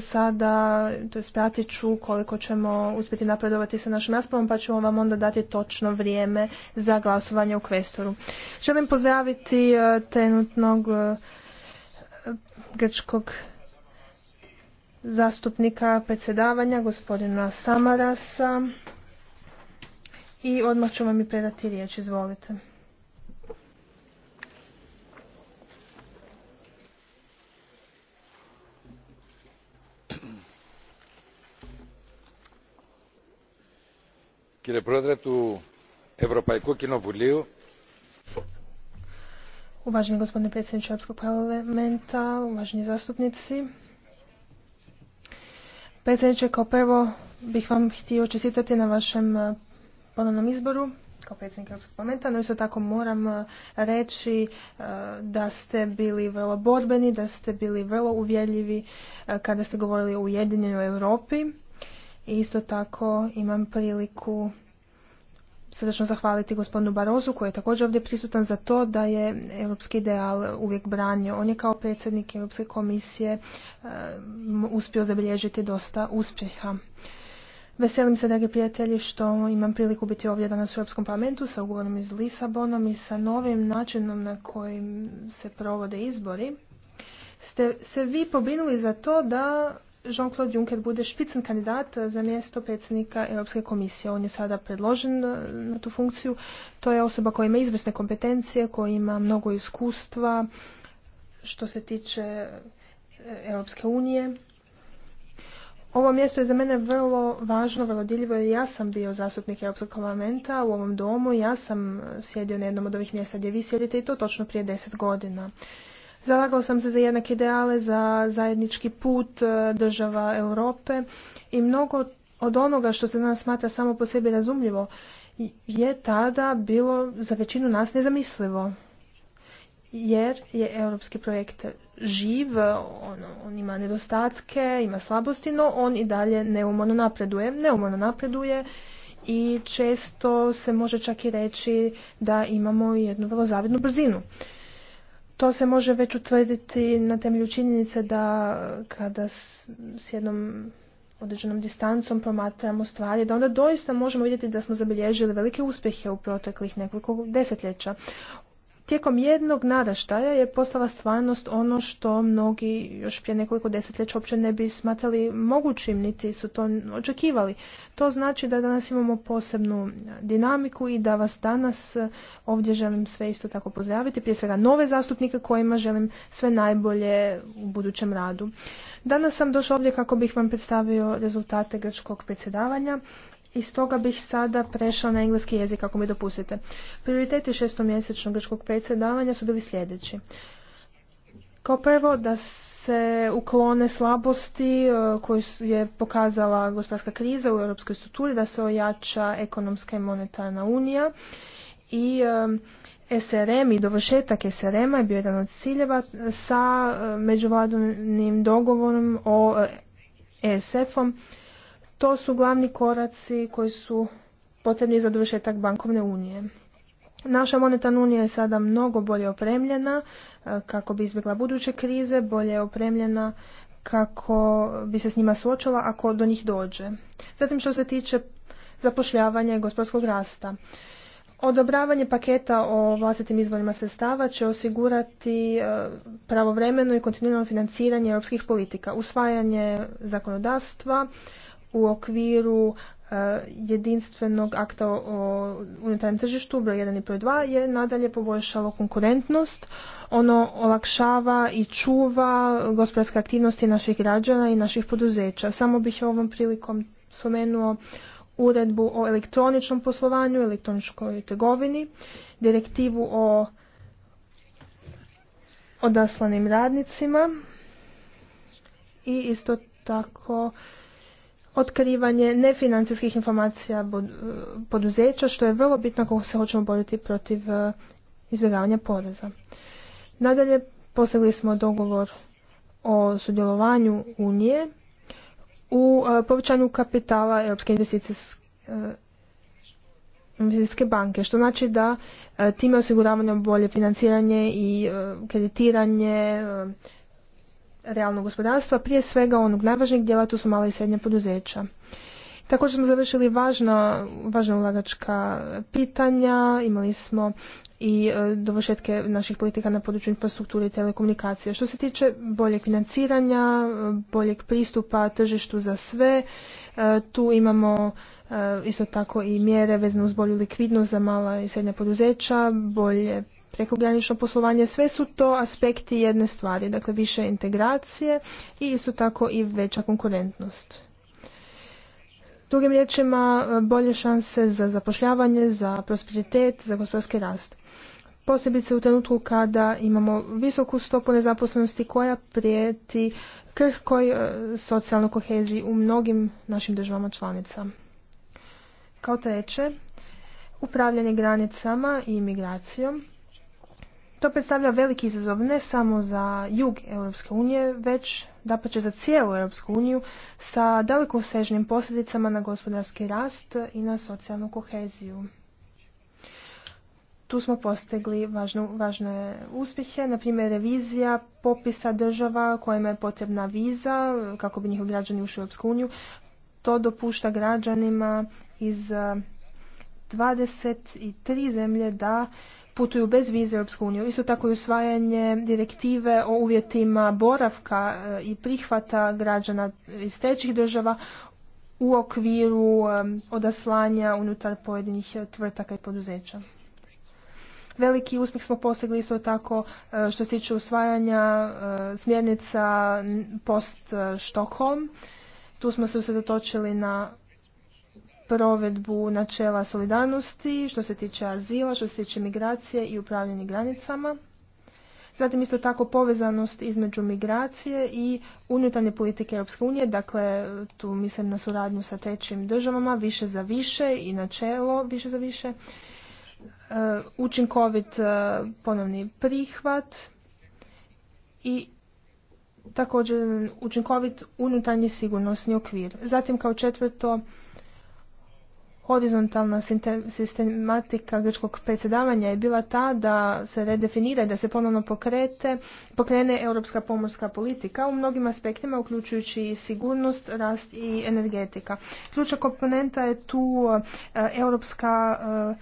sada to spratit ću koliko ćemo uspjeti napredovati sa našim raspravom pa ćemo vam onda dati točno vrijeme za glasovanje u kvestoru. Želim pozdraviti e, trenutnog e, grčkog zastupnika predsjedavanja gospodina Samarasa i odmah ću vam i predati riječ. Izvolite. Uvaženi gospodine predsjedniče Europskog parlamenta, uvaženi zastupnici, predsjedniče, kao prvo bih vam htio čestitati na vašem eh, ponovnom izboru kao predsjednik Europskog parlamenta, no isto tako moram eh, reći eh, da ste bili vrlo borbeni, da ste bili vrlo uvjerljivi kada ste govorili o Ujedinjenoj Europi Isto tako imam priliku srdečno zahvaliti gospodinu Barozu koji je također ovdje prisutan za to da je europski ideal uvijek branio. On je kao predsjednik Europske komisije e, uspio zabilježiti dosta uspjeha. Veselim se, dragi prijatelji, što imam priliku biti ovdje danas u Europskom parlamentu sa ugovorom iz Lisabonom i sa novim načinom na kojim se provode izbori. Ste se vi pobinuli za to da Jean-Claude Juncker bude špicen kandidat za mjesto predsjednika Europske komisije. On je sada predložen na tu funkciju. To je osoba koja ima izvrsne kompetencije, koja ima mnogo iskustva što se tiče eh, Europske unije. Ovo mjesto je za mene vrlo važno, vrlo diljivo jer ja sam bio zastupnik Europskog parlamenta u ovom domu. Ja sam eh, sjedio na jednom od ovih mjesta gdje vi sjedite i to točno prije deset godina. Zalagao sam se za jednake ideale, za zajednički put e, država Europe i mnogo od onoga što se danas smatra samo po sebi razumljivo je tada bilo za većinu nas nezamislivo. Jer je europski projekt živ, on, on ima nedostatke, ima slabosti, no on i dalje neumano napreduje. Neumano napreduje i često se može čak i reći da imamo jednu vrlo zavidnu brzinu. To se može već utvrditi na temelju činjenice da kada s jednom određenom distancom promatramo stvari, da onda doista možemo vidjeti da smo zabilježili velike uspjehe u proteklih nekoliko desetljeća. Tijekom jednog naraštaja je postala stvarnost ono što mnogi još prije nekoliko desetljeća uopće ne bi smatrali mogućim, niti su to očekivali. To znači da danas imamo posebnu dinamiku i da vas danas e, ovdje želim sve isto tako pozdraviti, prije svega nove zastupnike kojima želim sve najbolje u budućem radu. Danas sam došla ovdje kako bih vam predstavio rezultate grčkog predsjedavanja i stoga bih sada prešao na engleski jezik ako mi dopustite. Prioriteti šestomjesečnog grčkog predsjedavanja su bili sljedeći. Kao prvo da se uklone slabosti e, koju je pokazala gospodarska kriza u europskoj strukturi, da se ojača ekonomska i monetarna unija i e, SRM i dovršetak SRM-a je bio jedan od ciljeva sa e, međuvladnim dogovorom o ESF-om to su glavni koraci koji su potrebni za dovršetak bankovne unije. Naša monetarna unija je sada mnogo bolje opremljena e, kako bi izbjegla buduće krize, bolje je opremljena kako bi se s njima suočila ako do njih dođe. Zatim što se tiče zapošljavanja i gospodarskog rasta. Odobravanje paketa o vlastitim izvorima sredstava će osigurati e, pravovremeno i kontinuirano financiranje europskih politika, usvajanje zakonodavstva, u okviru e, jedinstvenog akta o unutarnjem tržištu, broj 1 i broj 2, je nadalje poboljšalo konkurentnost. Ono olakšava i čuva gospodarske aktivnosti naših građana i naših poduzeća. Samo bih ovom prilikom spomenuo uredbu o elektroničnom poslovanju, elektroničkoj trgovini, direktivu o odaslanim radnicima i isto tako otkrivanje nefinancijskih informacija eh, poduzeća, što je vrlo bitno ako se hoćemo boriti protiv eh, izbjegavanja poreza. Nadalje, postigli smo dogovor o sudjelovanju Unije u eh, povećanju kapitala Europske investicijske banke, što znači da time osiguravamo bolje financiranje i kreditiranje realnog gospodarstva, prije svega onog najvažnijeg dijela, to su mala i srednja poduzeća. Također smo završili važna, važna ulagačka pitanja, imali smo i e, dovršetke naših politika na području infrastrukture i telekomunikacije. Što se tiče boljeg financiranja, boljeg pristupa tržištu za sve, e, tu imamo e, isto tako i mjere vezane uz bolju likvidnost za mala i srednja poduzeća, bolje prekogranično poslovanje, sve su to aspekti jedne stvari, dakle više integracije i isto tako i veća konkurentnost. Drugim riječima, bolje šanse za zapošljavanje, za prosperitet, za gospodarski rast. Posebice u trenutku kada imamo visoku stopu nezaposlenosti koja prijeti koji e, socijalnoj koheziji u mnogim našim državama članica. Kao treće, upravljanje granicama i imigracijom. To predstavlja veliki izazov ne samo za jug Europske unije, već dapače za cijelu Europsku uniju sa daleko sežnim posljedicama na gospodarski rast i na socijalnu koheziju. Tu smo postigli važno, važne uspjehe, na primjer revizija popisa država kojima je potrebna viza kako bi njihovi građani ušli u Europsku uniju. To dopušta građanima iz 23 zemlje da putuju bez vize u Europsku uniju. Isto tako i usvajanje direktive o uvjetima boravka e, i prihvata građana iz trećih država u okviru e, odaslanja unutar pojedinih e, tvrtaka i poduzeća. Veliki uspjeh smo postigli isto tako što se tiče usvajanja smjernica post Štokholm. Tu smo se usredotočili na provedbu načela solidarnosti, što se tiče azila, što se tiče migracije i upravljanje granicama. Zatim isto tako povezanost između migracije i unutarnje politike Europske unije, dakle tu mislim na suradnju sa trećim državama, više za više i načelo više za više, e, učinkovit e, ponovni prihvat i također učinkovit unutarnji sigurnosni okvir. Zatim kao četvrto horizontalna sistematika grčkog predsjedavanja je bila ta da se redefinira i da se ponovno pokrete, pokrene europska pomorska politika u mnogim aspektima, uključujući i sigurnost, rast i energetika. Ključna komponenta je tu e, europska e,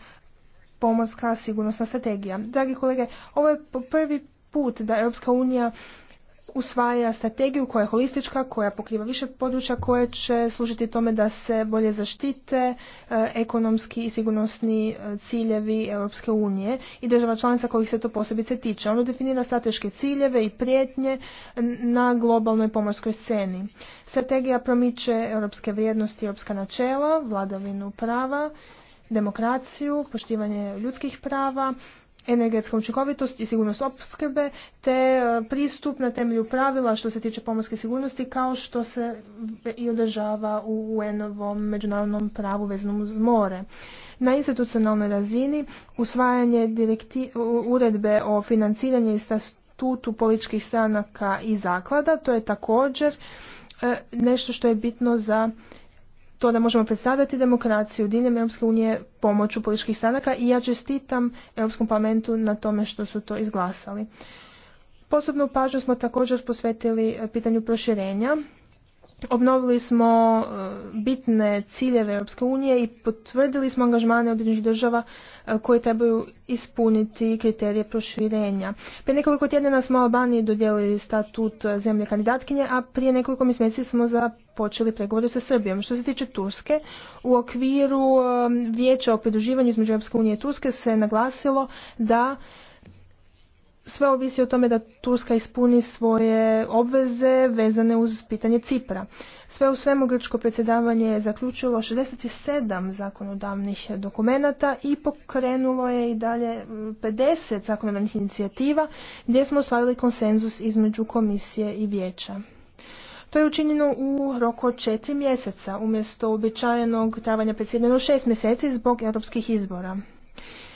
pomorska sigurnosna strategija. Dragi kolege, ovo je prvi put da Europska unija usvaja strategiju koja je holistička, koja pokriva više područja koje će služiti tome da se bolje zaštite e, ekonomski i sigurnosni e, ciljevi Europske unije i država članica kojih se to posebice tiče. Ono definira strateške ciljeve i prijetnje na globalnoj pomorskoj sceni. Strategija promiče europske vrijednosti i europska načela, vladavinu prava, demokraciju, poštivanje ljudskih prava, energetska učinkovitost i sigurnost opskrbe te e, pristup na temelju pravila što se tiče pomorske sigurnosti kao što se i održava u UN-ovom međunarodnom pravu veznom uz more. Na institucionalnoj razini usvajanje uredbe o financiranju i statutu političkih stranaka i zaklada, to je također e, nešto što je bitno za to da možemo predstavljati demokraciju diljem Europske unije pomoću političkih stranaka i ja čestitam Europskom parlamentu na tome što su to izglasali. Posebnu pažnju smo također posvetili pitanju proširenja Obnovili smo e, bitne ciljeve Europske unije i potvrdili smo angažmane određenih država e, koje trebaju ispuniti kriterije proširenja. Prije nekoliko tjedana smo Albaniji dodijelili statut zemlje kandidatkinje, a prije nekoliko mjeseci smo započeli pregovore sa Srbijom. Što se tiče Turske, u okviru e, vijeća o pridruživanju između Europske unije i Turske se naglasilo da sve ovisi o tome da Turska ispuni svoje obveze vezane uz pitanje Cipra. Sve u svemu grčko predsjedavanje je zaključilo 67 zakonodavnih dokumenata i pokrenulo je i dalje 50 zakonodavnih inicijativa gdje smo ostvarili konsenzus između komisije i vijeća. To je učinjeno u roku od četiri mjeseca umjesto uobičajenog travanja predsjedano šest mjeseci zbog europskih izbora.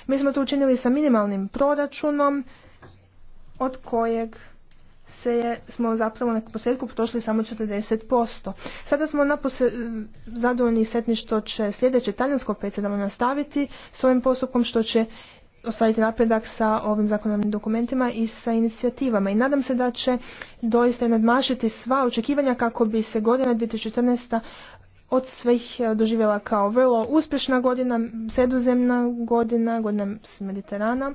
Mi smo to učinili sa minimalnim proračunom, od kojeg se je, smo zapravo na posljedku potrošili samo 40%. Sada smo na zadovoljni i sretni što će sljedeće talijansko predsjedamo nastaviti s ovim postupkom što će ostvariti napredak sa ovim zakonodavnim dokumentima i sa inicijativama. I nadam se da će doista nadmašiti sva očekivanja kako bi se godina 2014 od svih e, doživjela kao vrlo uspješna godina, sredozemna godina, godina s Mediterana.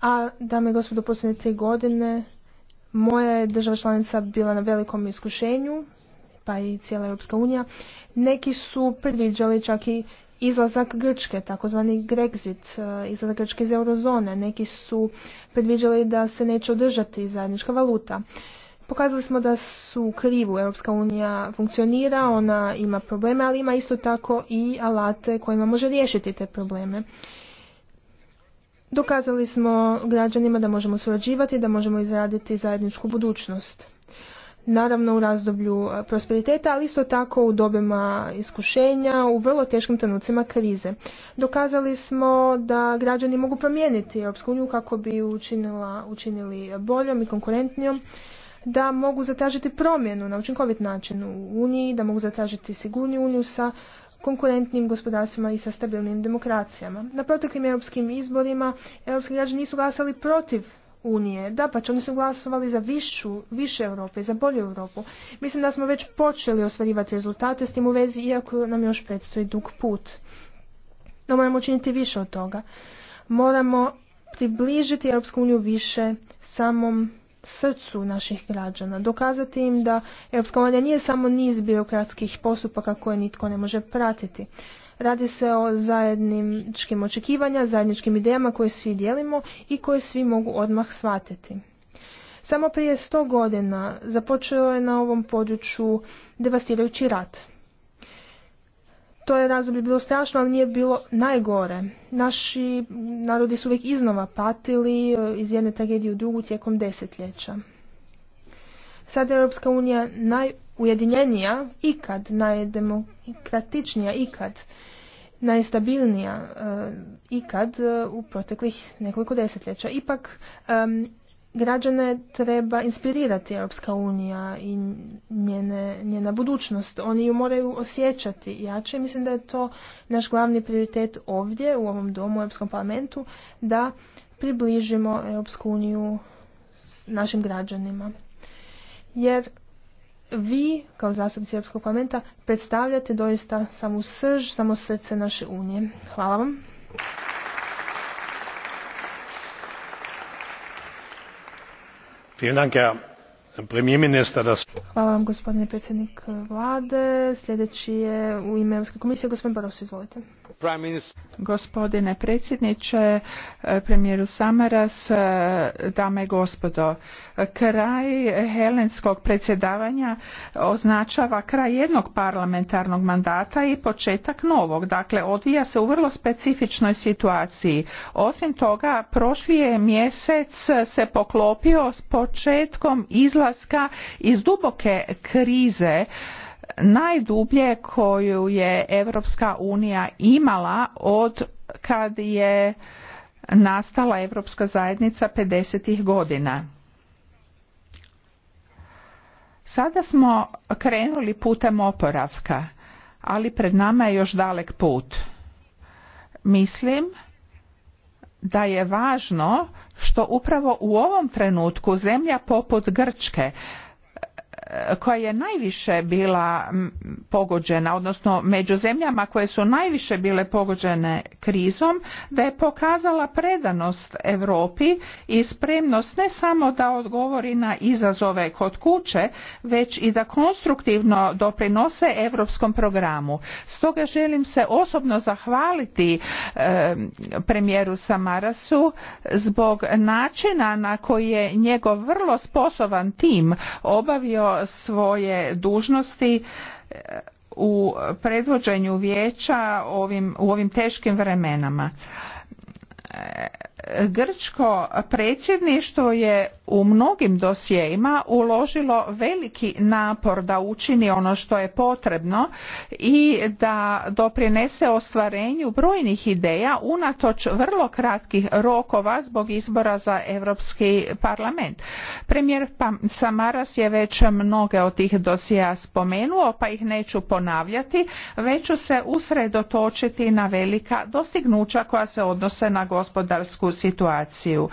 A, dame i gospodo, posljednje tri godine moja je država članica bila na velikom iskušenju, pa i cijela Europska unija. Neki su predviđali čak i izlazak Grčke, takozvani Grexit, e, izlazak Grčke iz eurozone. Neki su predviđali da se neće održati zajednička valuta. Pokazali smo da su u krivu. Europska unija funkcionira, ona ima probleme, ali ima isto tako i alate kojima može riješiti te probleme. Dokazali smo građanima da možemo surađivati, da možemo izraditi zajedničku budućnost. Naravno u razdoblju e, prosperiteta, ali isto tako u dobima iskušenja, u vrlo teškim trenucima krize. Dokazali smo da građani mogu promijeniti Europsku uniju kako bi ju učinila, učinili boljom i konkurentnijom, da mogu zatražiti promjenu na učinkovit način u Uniji, da mogu zatražiti sigurniju Uniju sa konkurentnim gospodarstvima i sa stabilnim demokracijama. Na proteklim europskim izborima europski građani nisu glasali protiv Unije. Da, pa oni su glasovali za višu, više Europe, za bolju Europu. Mislim da smo već počeli ostvarivati rezultate s tim u vezi, iako nam još predstoji dug put. No moramo učiniti više od toga. Moramo približiti Europsku uniju više samom srcu naših građana, dokazati im da Europska unija nije samo niz birokratskih postupaka koje nitko ne može pratiti. Radi se o zajedničkim očekivanja, zajedničkim idejama koje svi dijelimo i koje svi mogu odmah shvatiti. Samo prije sto godina započeo je na ovom području devastirajući rat. To je razdoblje bilo strašno, ali nije bilo najgore. Naši narodi su uvijek iznova patili e, iz jedne tragedije u drugu tijekom desetljeća. Sada je Europska unija najujedinjenija ikad, najdemokratičnija ikad, najstabilnija e, ikad e, u proteklih nekoliko desetljeća. Ipak građane treba inspirirati Europska unija i njena budućnost. Oni ju moraju osjećati jače. Mislim da je to naš glavni prioritet ovdje u ovom domu u Europskom parlamentu da približimo Europsku uniju našim građanima. Jer vi, kao zastupnici Europskog parlamenta, predstavljate doista samo srž, samo srce naše unije. Hvala vam. herr Hvala vam gospodine predsjednik vlade. Sljedeći je u ime Europske komisije gospodin Baros, izvolite. Gospodine predsjedniče, premijeru Samaras, dame i gospodo. Kraj helenskog predsjedavanja označava kraj jednog parlamentarnog mandata i početak novog. Dakle, odvija se u vrlo specifičnoj situaciji. Osim toga, prošli je mjesec se poklopio s početkom izlaska Hrvatska iz duboke krize najdublje koju je Europska unija imala od kad je nastala Europska zajednica 50. godina. Sada smo krenuli putem oporavka, ali pred nama je još dalek put. Mislim da je važno što upravo u ovom trenutku zemlja poput Grčke koja je najviše bila pogođena, odnosno među zemljama koje su najviše bile pogođene krizom, da je pokazala predanost Europi i spremnost ne samo da odgovori na izazove kod kuće, već i da konstruktivno doprinose europskom programu. Stoga želim se osobno zahvaliti e, premijeru Samarasu zbog načina na koji je njegov vrlo sposoban tim obavio svoje dužnosti e, u predvođenju vijeća u ovim teškim vremenama e, Grčko predsjedništvo je u mnogim dosjejima uložilo veliki napor da učini ono što je potrebno i da doprinese ostvarenju brojnih ideja unatoč vrlo kratkih rokova zbog izbora za Europski parlament. Premijer Samaras je već mnoge od tih dosjea spomenuo pa ih neću ponavljati, već ću se usredotočiti na velika dostignuća koja se odnose na gospodarsku situaciju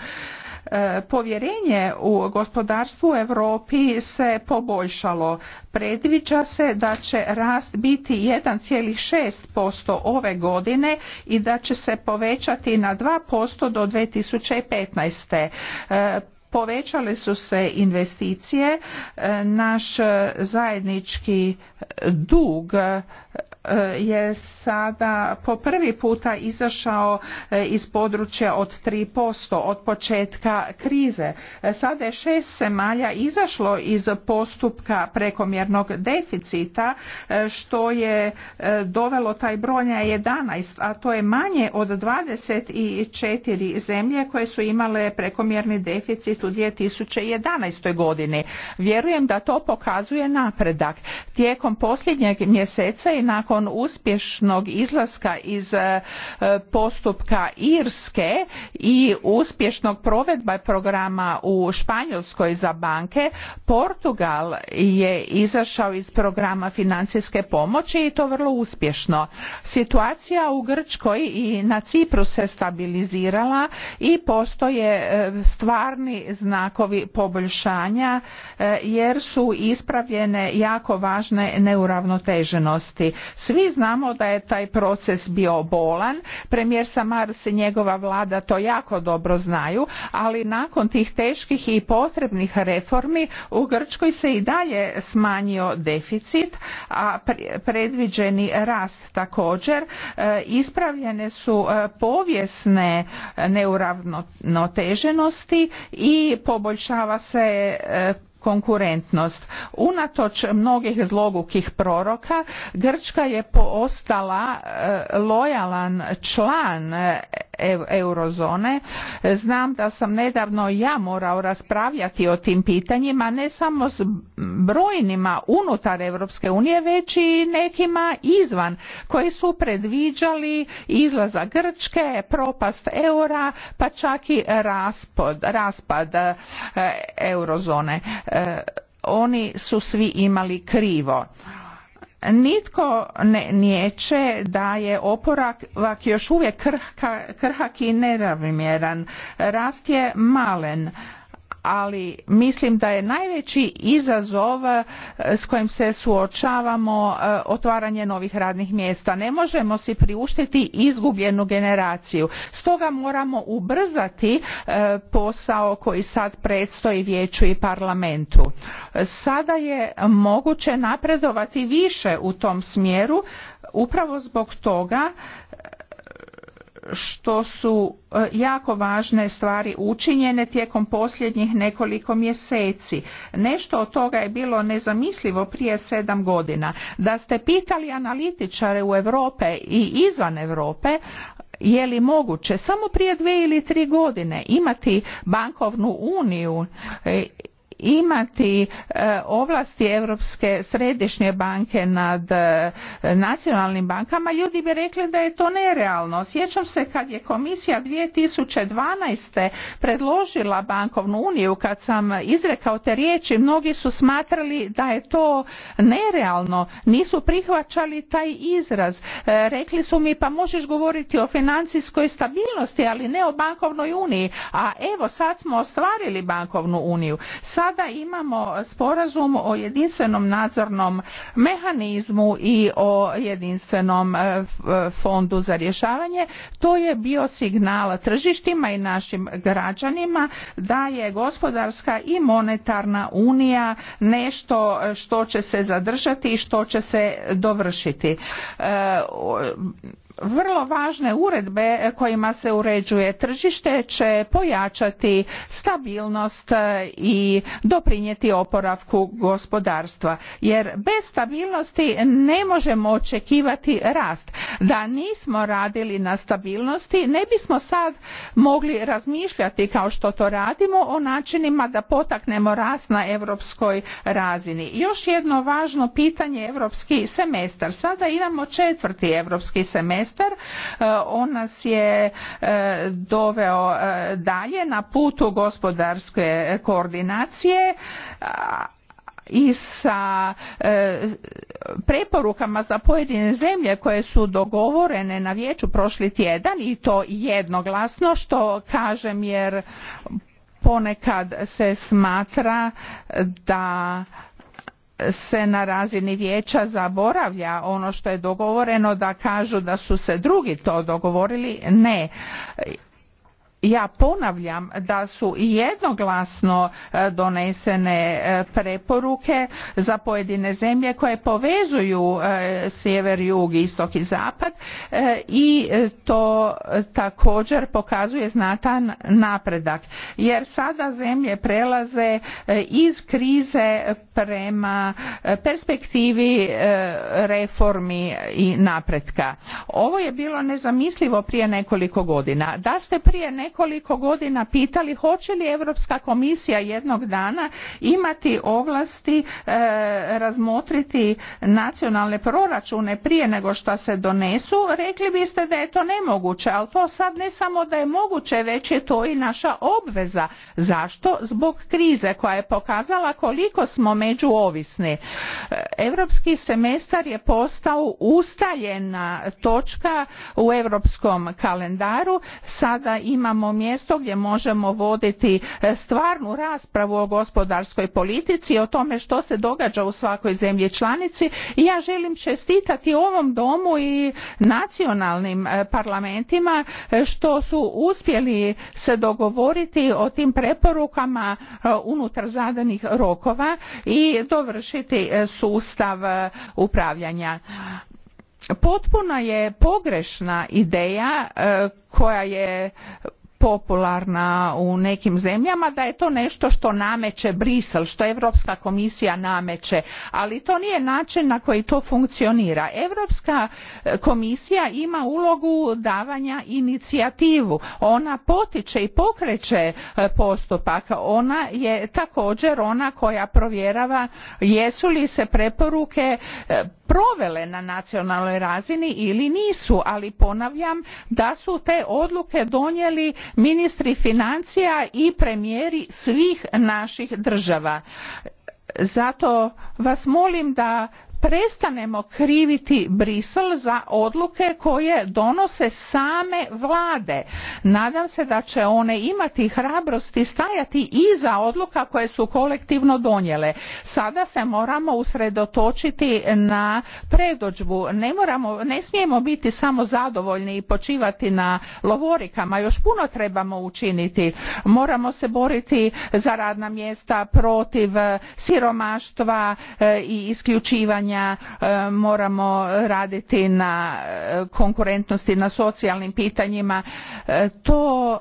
e, povjerenje u gospodarstvu u Europi se poboljšalo. Predviđa se da će rast biti 1,6% ove godine i da će se povećati na 2% do 2015 e, povećale su se investicije, e, naš zajednički dug Eh, je sada po prvi puta izašao eh, iz područja od 3% od početka krize. Eh, sada je šest zemalja izašlo iz postupka prekomjernog deficita što je dovelo taj broj 11, a to je manje od 24 zemlje koje su imale prekomjerni deficit u 2011. godini. Vjerujem da to pokazuje napredak. Tijekom posljednjeg mjeseca i nakon nakon uspješnog izlaska iz e, postupka Irske i uspješnog provedbe programa u Španjolskoj za banke, Portugal je izašao iz programa financijske pomoći i to vrlo uspješno. Situacija u Grčkoj i na Cipru se stabilizirala i postoje e, stvarni znakovi poboljšanja e, jer su ispravljene jako važne neuravnoteženosti. Svi znamo da je taj proces bio bolan, premijer Samaras i njegova vlada to jako dobro znaju, ali nakon tih teških i potrebnih reformi u Grčkoj se i dalje smanjio deficit, a predviđeni rast također. E, ispravljene su e, povijesne neuravnoteženosti i poboljšava se e, konkurentnost. Unatoč mnogih zlogukih proroka, Grčka je postala e, lojalan član eurozone. Znam da sam nedavno ja morao raspravljati o tim pitanjima, ne samo s brojnima unutar Europske unije, već i nekima izvan, koji su predviđali izlazak Grčke, propast eura, pa čak i raspod, raspad e, eurozone. E, oni su svi imali krivo Nitko ne niječe da je oporavak još uvijek krhak i neravimjeran. Rast je malen ali mislim da je najveći izazov e, s kojim se suočavamo e, otvaranje novih radnih mjesta. Ne možemo si priuštiti izgubljenu generaciju. Stoga moramo ubrzati e, posao koji sad predstoji vijeću i parlamentu. Sada je moguće napredovati više u tom smjeru upravo zbog toga što su e, jako važne stvari učinjene tijekom posljednjih nekoliko mjeseci. Nešto od toga je bilo nezamislivo prije sedam godina. Da ste pitali analitičare u Europe i izvan Europe je li moguće samo prije dvije ili tri godine imati bankovnu uniju e, imati e, ovlasti Europske središnje banke nad e, nacionalnim bankama, ljudi bi rekli da je to nerealno. Sjećam se kad je komisija 2012. predložila bankovnu uniju, kad sam izrekao te riječi, mnogi su smatrali da je to nerealno, nisu prihvaćali taj izraz. E, rekli su mi pa možeš govoriti o financijskoj stabilnosti, ali ne o bankovnoj uniji. A evo sad smo ostvarili bankovnu uniju. Sad Sada imamo sporazum o jedinstvenom nadzornom mehanizmu i o jedinstvenom e, e, fondu za rješavanje. To je bio signal tržištima i našim građanima da je gospodarska i monetarna unija nešto e, što će se zadržati i što će se dovršiti vrlo važne uredbe kojima se uređuje tržište će pojačati stabilnost e, i doprinijeti oporavku gospodarstva jer bez stabilnosti ne možemo očekivati rast da nismo radili na stabilnosti ne bismo sad mogli razmišljati kao što to radimo o načinima da potaknemo rast na europskoj razini još jedno važno pitanje europski semestar sada imamo četvrti europski semestar semestar. E, on nas je e, doveo e, dalje na putu gospodarske koordinacije i sa preporukama za pojedine zemlje koje su dogovorene na vijeću prošli tjedan i to jednoglasno što kažem jer ponekad se smatra da se na razini vijeća zaboravlja ono što je dogovoreno da kažu da su se drugi to dogovorili ne ja ponavljam da su jednoglasno e, donesene e, preporuke za pojedine zemlje koje povezuju e, sjever, jug, istok i zapad i to također pokazuje znatan napredak jer sada zemlje prelaze iz krize prema perspektivi reformi i napretka. Ovo je bilo nezamislivo prije nekoliko godina. Da ste prije nekoliko koliko godina pitali hoće li Europska komisija jednog dana imati ovlasti e, razmotriti nacionalne proračune prije nego što se donesu, rekli biste da je to nemoguće, ali to sad ne samo da je moguće, već je to i naša obveza. Zašto? Zbog krize koja je pokazala koliko smo međuovisni. E, Europski semestar je postao ustaljena točka u europskom kalendaru. Sada imamo mjesto gdje možemo voditi e, stvarnu raspravu o gospodarskoj politici o tome što se događa u svakoj zemlji članici i ja želim čestitati ovom domu i nacionalnim e, parlamentima e, što su uspjeli se dogovoriti o tim preporukama unutar zadanih rokova i dovršiti sustav upravljanja potpuno je pogrešna ideja koja je popularna u nekim zemljama da je to nešto što nameće Brisel, što Europska komisija nameće, ali to nije način na koji to funkcionira. Europska e, komisija ima ulogu davanja inicijativu, ona potiče i pokreće e, postupak, ona je također ona koja provjerava jesu li se preporuke e, provele na nacionalnoj razini ili nisu, ali ponavljam da su te odluke donijeli ministri financija i premijeri svih naših država zato vas molim da prestanemo kriviti Brisel za odluke koje donose same vlade. Nadam se da će one imati hrabrosti stajati iza odluka koje su kolektivno donijele. Sada se moramo usredotočiti na predođbu. Ne, moramo, ne smijemo biti samo zadovoljni i počivati na lovorikama. Još puno trebamo učiniti. Moramo se boriti za radna mjesta protiv e, siromaštva e, i isključivanja E, moramo raditi na e, konkurentnosti na socijalnim pitanjima e, to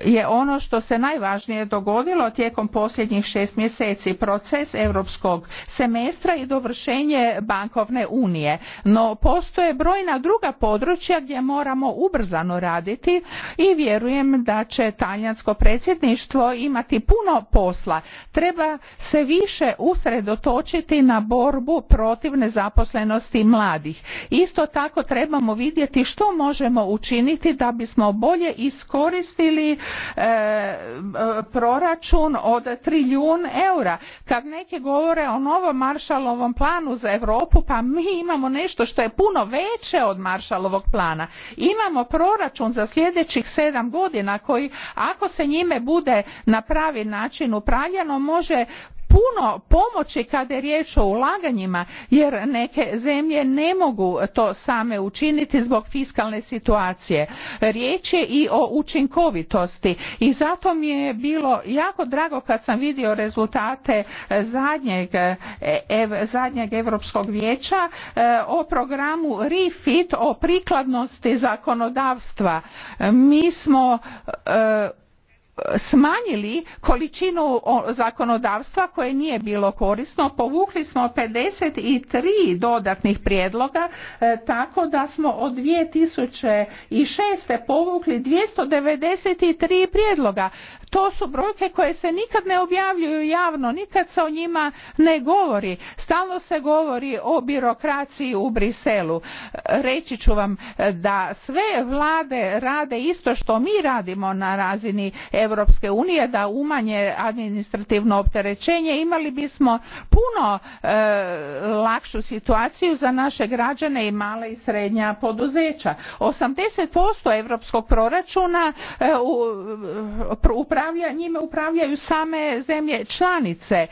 je ono što se najvažnije dogodilo tijekom posljednjih šest mjeseci proces europskog semestra i dovršenje bankovne unije no postoje brojna druga područja gdje moramo ubrzano raditi i vjerujem da će talijansko predsjedništvo imati puno posla treba se više usredotočiti na borbu protiv nezaposlenosti mladih isto tako trebamo vidjeti što možemo učiniti da bismo bolje iskoristili e, proračun od trilijun eura. Kad neki govore o novom Maršalovom planu za Europu, pa mi imamo nešto što je puno veće od Maršalovog plana. Imamo proračun za sljedećih sedam godina koji ako se njime bude na pravi način upravljano može puno pomoći kada je riječ o ulaganjima jer neke zemlje ne mogu to same učiniti zbog fiskalne situacije. Riječ je i o učinkovitosti i zato mi je bilo jako drago kad sam vidio rezultate zadnjeg, e, zadnjeg Europskog vijeća e, o programu REFIT o prikladnosti zakonodavstva. Mi smo e, smanjili količinu zakonodavstva koje nije bilo korisno povukli smo 53 dodatnih prijedloga e, tako da smo od 2006. povukli 293 prijedloga to su brojke koje se nikad ne objavljuju javno, nikad se o njima ne govori. Stalno se govori o birokraciji u Briselu. Reći ću vam eh, da sve vlade rade isto što mi radimo na razini Europske unije, da umanje administrativno opterećenje, imali bismo puno eh, lakšu situaciju za naše građane i male i srednja poduzeća. 80% europskog proračuna e, u, u, u upravlja, njime upravljaju same zemlje članice.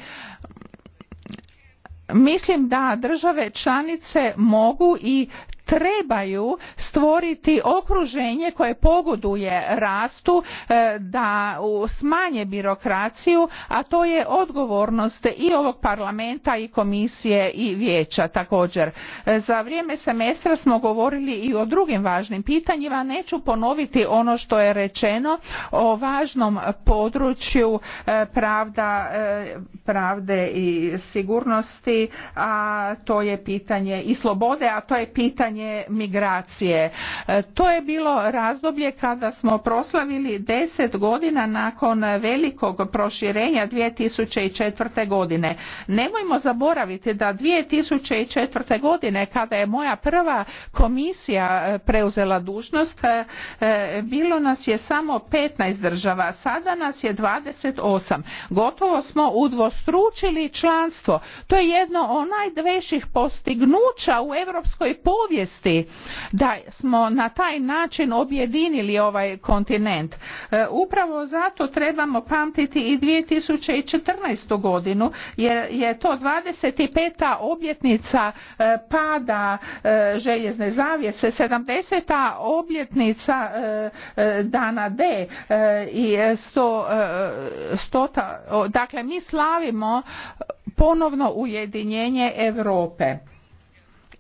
Mislim da države članice mogu i trebaju stvoriti okruženje koje pogoduje rastu e, da smanje birokraciju a to je odgovornost i ovog parlamenta i komisije i vijeća također e, za vrijeme semestra smo govorili i o drugim važnim pitanjima neću ponoviti ono što je rečeno o važnom području e, pravda, pravde i sigurnosti a to je pitanje i slobode a to je pitanje pitanje migracije. E, to je bilo razdoblje kada smo proslavili deset godina nakon velikog proširenja 2004. godine. Nemojmo zaboraviti da 2004. godine kada je moja prva komisija e, preuzela dužnost e, bilo nas je samo 15 država, sada nas je 28. Gotovo smo udvostručili članstvo. To je jedno od najvećih postignuća u europskoj povijesti da smo na taj način objedinili ovaj kontinent. E, upravo zato trebamo pamtiti i 2014. godinu jer je to 25. objetnica e, pada e, željezne zavjese, 70. objetnica dana D i 100. stota, dakle mi slavimo ponovno ujedinjenje Europe.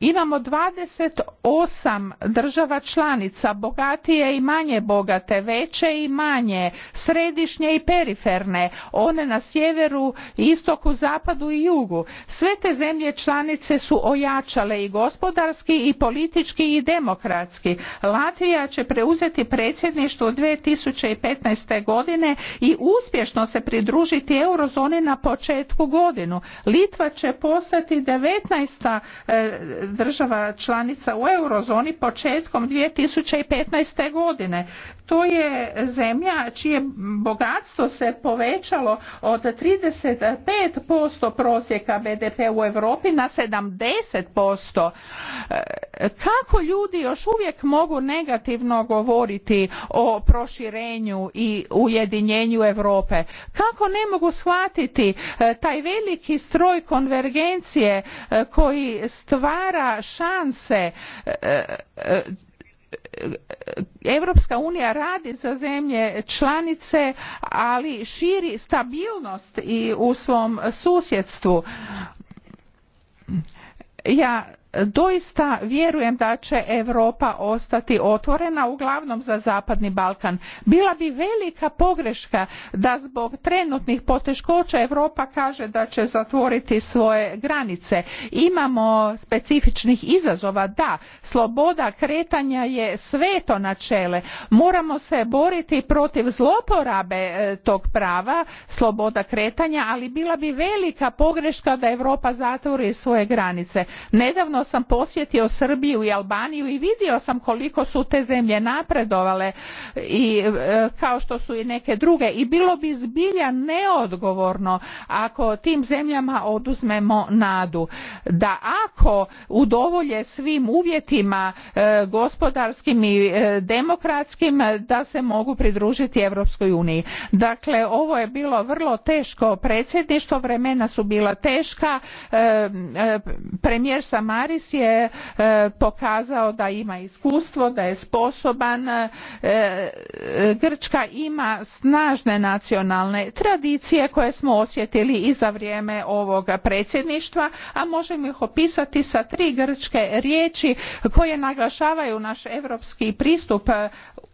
Imamo 28 država članica, bogatije i manje bogate, veće i manje, središnje i periferne, one na sjeveru, istoku, zapadu i jugu. Sve te zemlje članice su ojačale i gospodarski i politički i demokratski. Latvija će preuzeti predsjedništvo 2015. godine i uspješno se pridružiti eurozoni na početku godinu. Litva će postati 19 država članica u eurozoni početkom 2015. godine. To je zemlja čije bogatstvo se povećalo od 35% prosjeka BDP u Europi na 70%. E, kako ljudi još uvijek mogu negativno govoriti o proširenju i ujedinjenju Europe? Kako ne mogu shvatiti e, taj veliki stroj konvergencije e, koji stvara šanse Europska e, e, unija radi za zemlje članice, ali širi stabilnost i u svom susjedstvu. Ja doista vjerujem da će Europa ostati otvorena uglavnom za zapadni Balkan. Bila bi velika pogreška da zbog trenutnih poteškoća Europa kaže da će zatvoriti svoje granice. Imamo specifičnih izazova, da, sloboda kretanja je sveto načelo. Moramo se boriti protiv zloporabe e, tog prava, sloboda kretanja, ali bila bi velika pogreška da Europa zatvori svoje granice. Nedavno sam posjetio Srbiju i Albaniju i vidio sam koliko su te zemlje napredovale i e, kao što su i neke druge i bilo bi zbilja neodgovorno ako tim zemljama oduzmemo nadu da ako udovolje svim uvjetima e, gospodarskim i e, demokratskim da se mogu pridružiti Europskoj uniji. Dakle ovo je bilo vrlo teško predsjedništvo, vremena su bila teška. Premijer Samari je e, pokazao da ima iskustvo, da je sposoban. E, Grčka ima snažne nacionalne tradicije koje smo osjetili i za vrijeme ovog predsjedništva, a možemo ih opisati sa tri grčke riječi koje naglašavaju naš europski pristup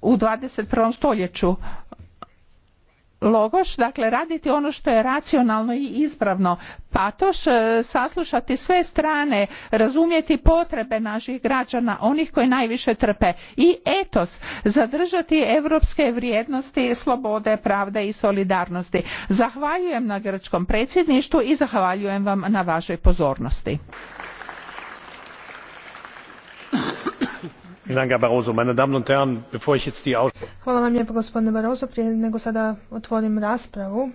u 21. stoljeću Logoš, dakle raditi ono što je racionalno i ispravno. Patoš, e, saslušati sve strane, razumjeti potrebe naših građana, onih koji najviše trpe. I etos, zadržati europske vrijednosti, slobode, pravde i solidarnosti. Zahvaljujem na grčkom predsjedništvu i zahvaljujem vam na vašoj pozornosti. Hvala vam lijepo gospodine Barroso. Prije nego sada otvorim raspravu,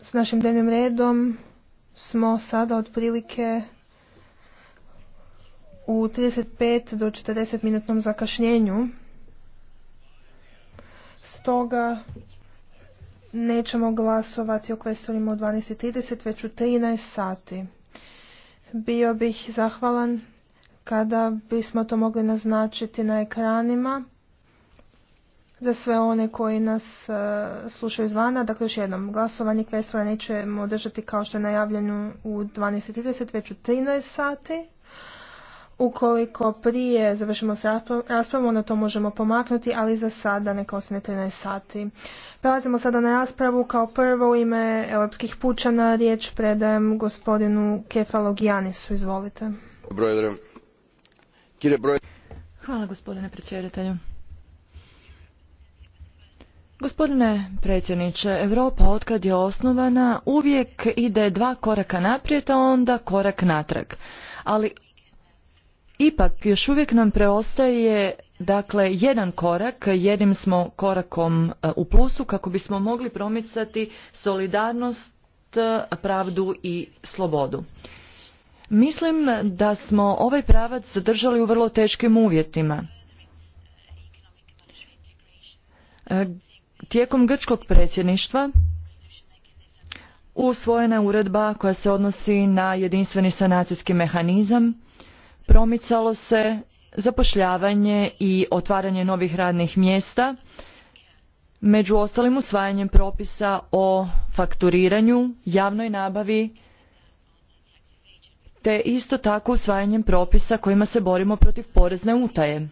s našim dnevnim redom smo sada otprilike u 35 do 40 minutnom zakašnjenju. Stoga nećemo glasovati o kvestorima u 12.30 već u 13 sati. Bio bih zahvalan kada bismo to mogli naznačiti na ekranima za sve one koji nas e, slušaju izvana. Dakle, još jednom, glasovanje kvestora nećemo održati kao što je najavljeno u 12.30, već u 13 sati. Ukoliko prije završimo s raspravom, onda to možemo pomaknuti, ali za sada neka ostane 13 sati. Prelazimo sada na raspravu. Kao prvo u ime europskih pučana riječ predajem gospodinu Kefalogijanisu. Izvolite. dobro Hvala gospodine predsjedatelju. Gospodine predsjedniče, Europa otkad je osnovana uvijek ide dva koraka naprijed, a onda korak natrag. Ali ipak još uvijek nam preostaje dakle jedan korak, jednim smo korakom e, u plusu kako bismo mogli promicati solidarnost, e, pravdu i slobodu. Mislim da smo ovaj pravac zadržali u vrlo teškim uvjetima. E, tijekom grčkog predsjedništva usvojena je uredba koja se odnosi na jedinstveni sanacijski mehanizam, promicalo se zapošljavanje i otvaranje novih radnih mjesta, među ostalim usvajanjem propisa o fakturiranju, javnoj nabavi, te isto tako usvajanjem propisa kojima se borimo protiv porezne utaje.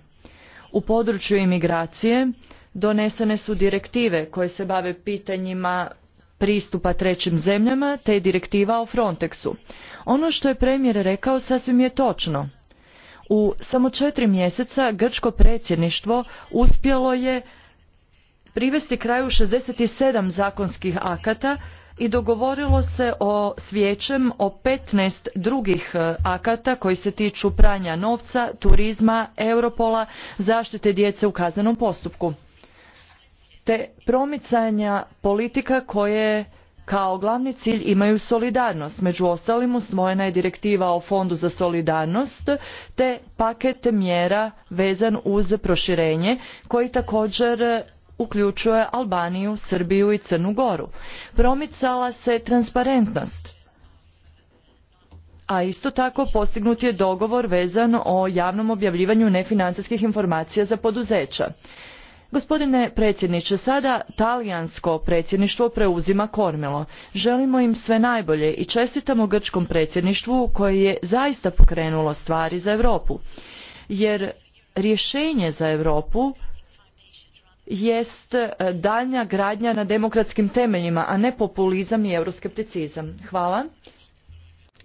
U području imigracije donesene su direktive koje se bave pitanjima pristupa trećim zemljama te direktiva o Frontexu. Ono što je premijer rekao sasvim je točno. U samo četiri mjeseca grčko predsjedništvo uspjelo je privesti kraju 67 zakonskih akata i dogovorilo se o s o 15 drugih e, akata koji se tiču pranja novca, turizma, Europola, zaštite djece u kaznenom postupku te promicanja politika koje kao glavni cilj imaju solidarnost. Među ostalim usvojena je direktiva o fondu za solidarnost te paket mjera vezan uz proširenje koji također uključuje Albaniju, Srbiju i Crnu Goru. Promicala se transparentnost. A isto tako postignut je dogovor vezan o javnom objavljivanju nefinancijskih informacija za poduzeća. Gospodine predsjedniče, sada talijansko predsjedništvo preuzima kormilo. Želimo im sve najbolje i čestitamo grčkom predsjedništvu koje je zaista pokrenulo stvari za Europu. Jer rješenje za Europu jest e, daljnja gradnja na demokratskim temeljima, a ne populizam i euroskepticizam. Hvala.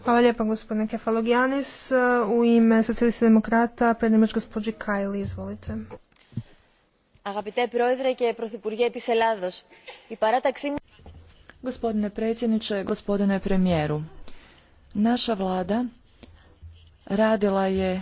Hvala lijepo, gospodine Kefalogijanis. E, u ime socijalista demokrata prednemač gospođi Kajli, izvolite. Agapite proedre ke prosipurgije tis Elados. I parataksi... Gospodine predsjedniče, gospodine premijeru, naša vlada radila je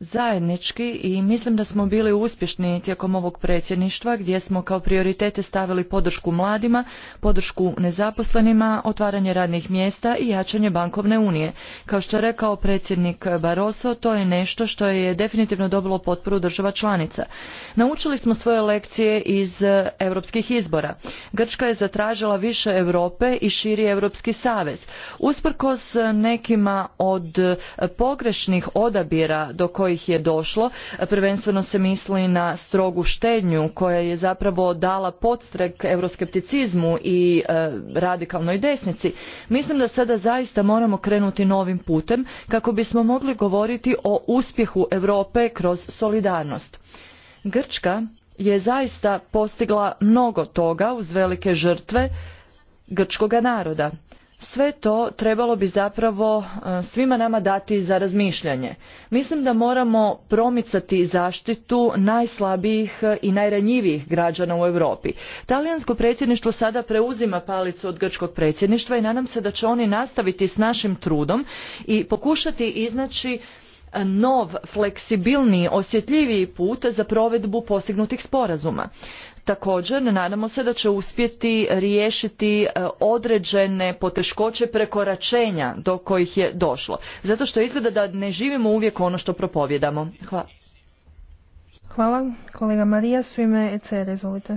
zajednički i mislim da smo bili uspješni tijekom ovog predsjedništva gdje smo kao prioritete stavili podršku mladima, podršku nezaposlenima, otvaranje radnih mjesta i jačanje bankovne unije. Kao što je rekao predsjednik Barroso, to je nešto što je definitivno dobilo potporu država članica. Naučili smo svoje lekcije iz europskih izbora. Grčka je zatražila više Europe i širi Europski savez. Usprkos nekima od pogrešnih odabira do kojih je došlo. Prvenstveno se misli na strogu štednju koja je zapravo dala podstrek euroskepticizmu i e, radikalnoj desnici. Mislim da sada zaista moramo krenuti novim putem kako bismo mogli govoriti o uspjehu Europe kroz solidarnost. Grčka je zaista postigla mnogo toga uz velike žrtve grčkoga naroda sve to trebalo bi zapravo e, svima nama dati za razmišljanje. Mislim da moramo promicati zaštitu najslabijih e, i najranjivijih građana u Europi. Talijansko predsjedništvo sada preuzima palicu od grčkog predsjedništva i nadam se da će oni nastaviti s našim trudom i pokušati iznaći e, nov, fleksibilniji, osjetljiviji put za provedbu postignutih sporazuma. Također, nadamo se da će uspjeti riješiti e, određene poteškoće prekoračenja do kojih je došlo. Zato što izgleda da ne živimo uvijek ono što propovjedamo. Hvala. Hvala. Kolega Marija, su ime ECR, izvolite.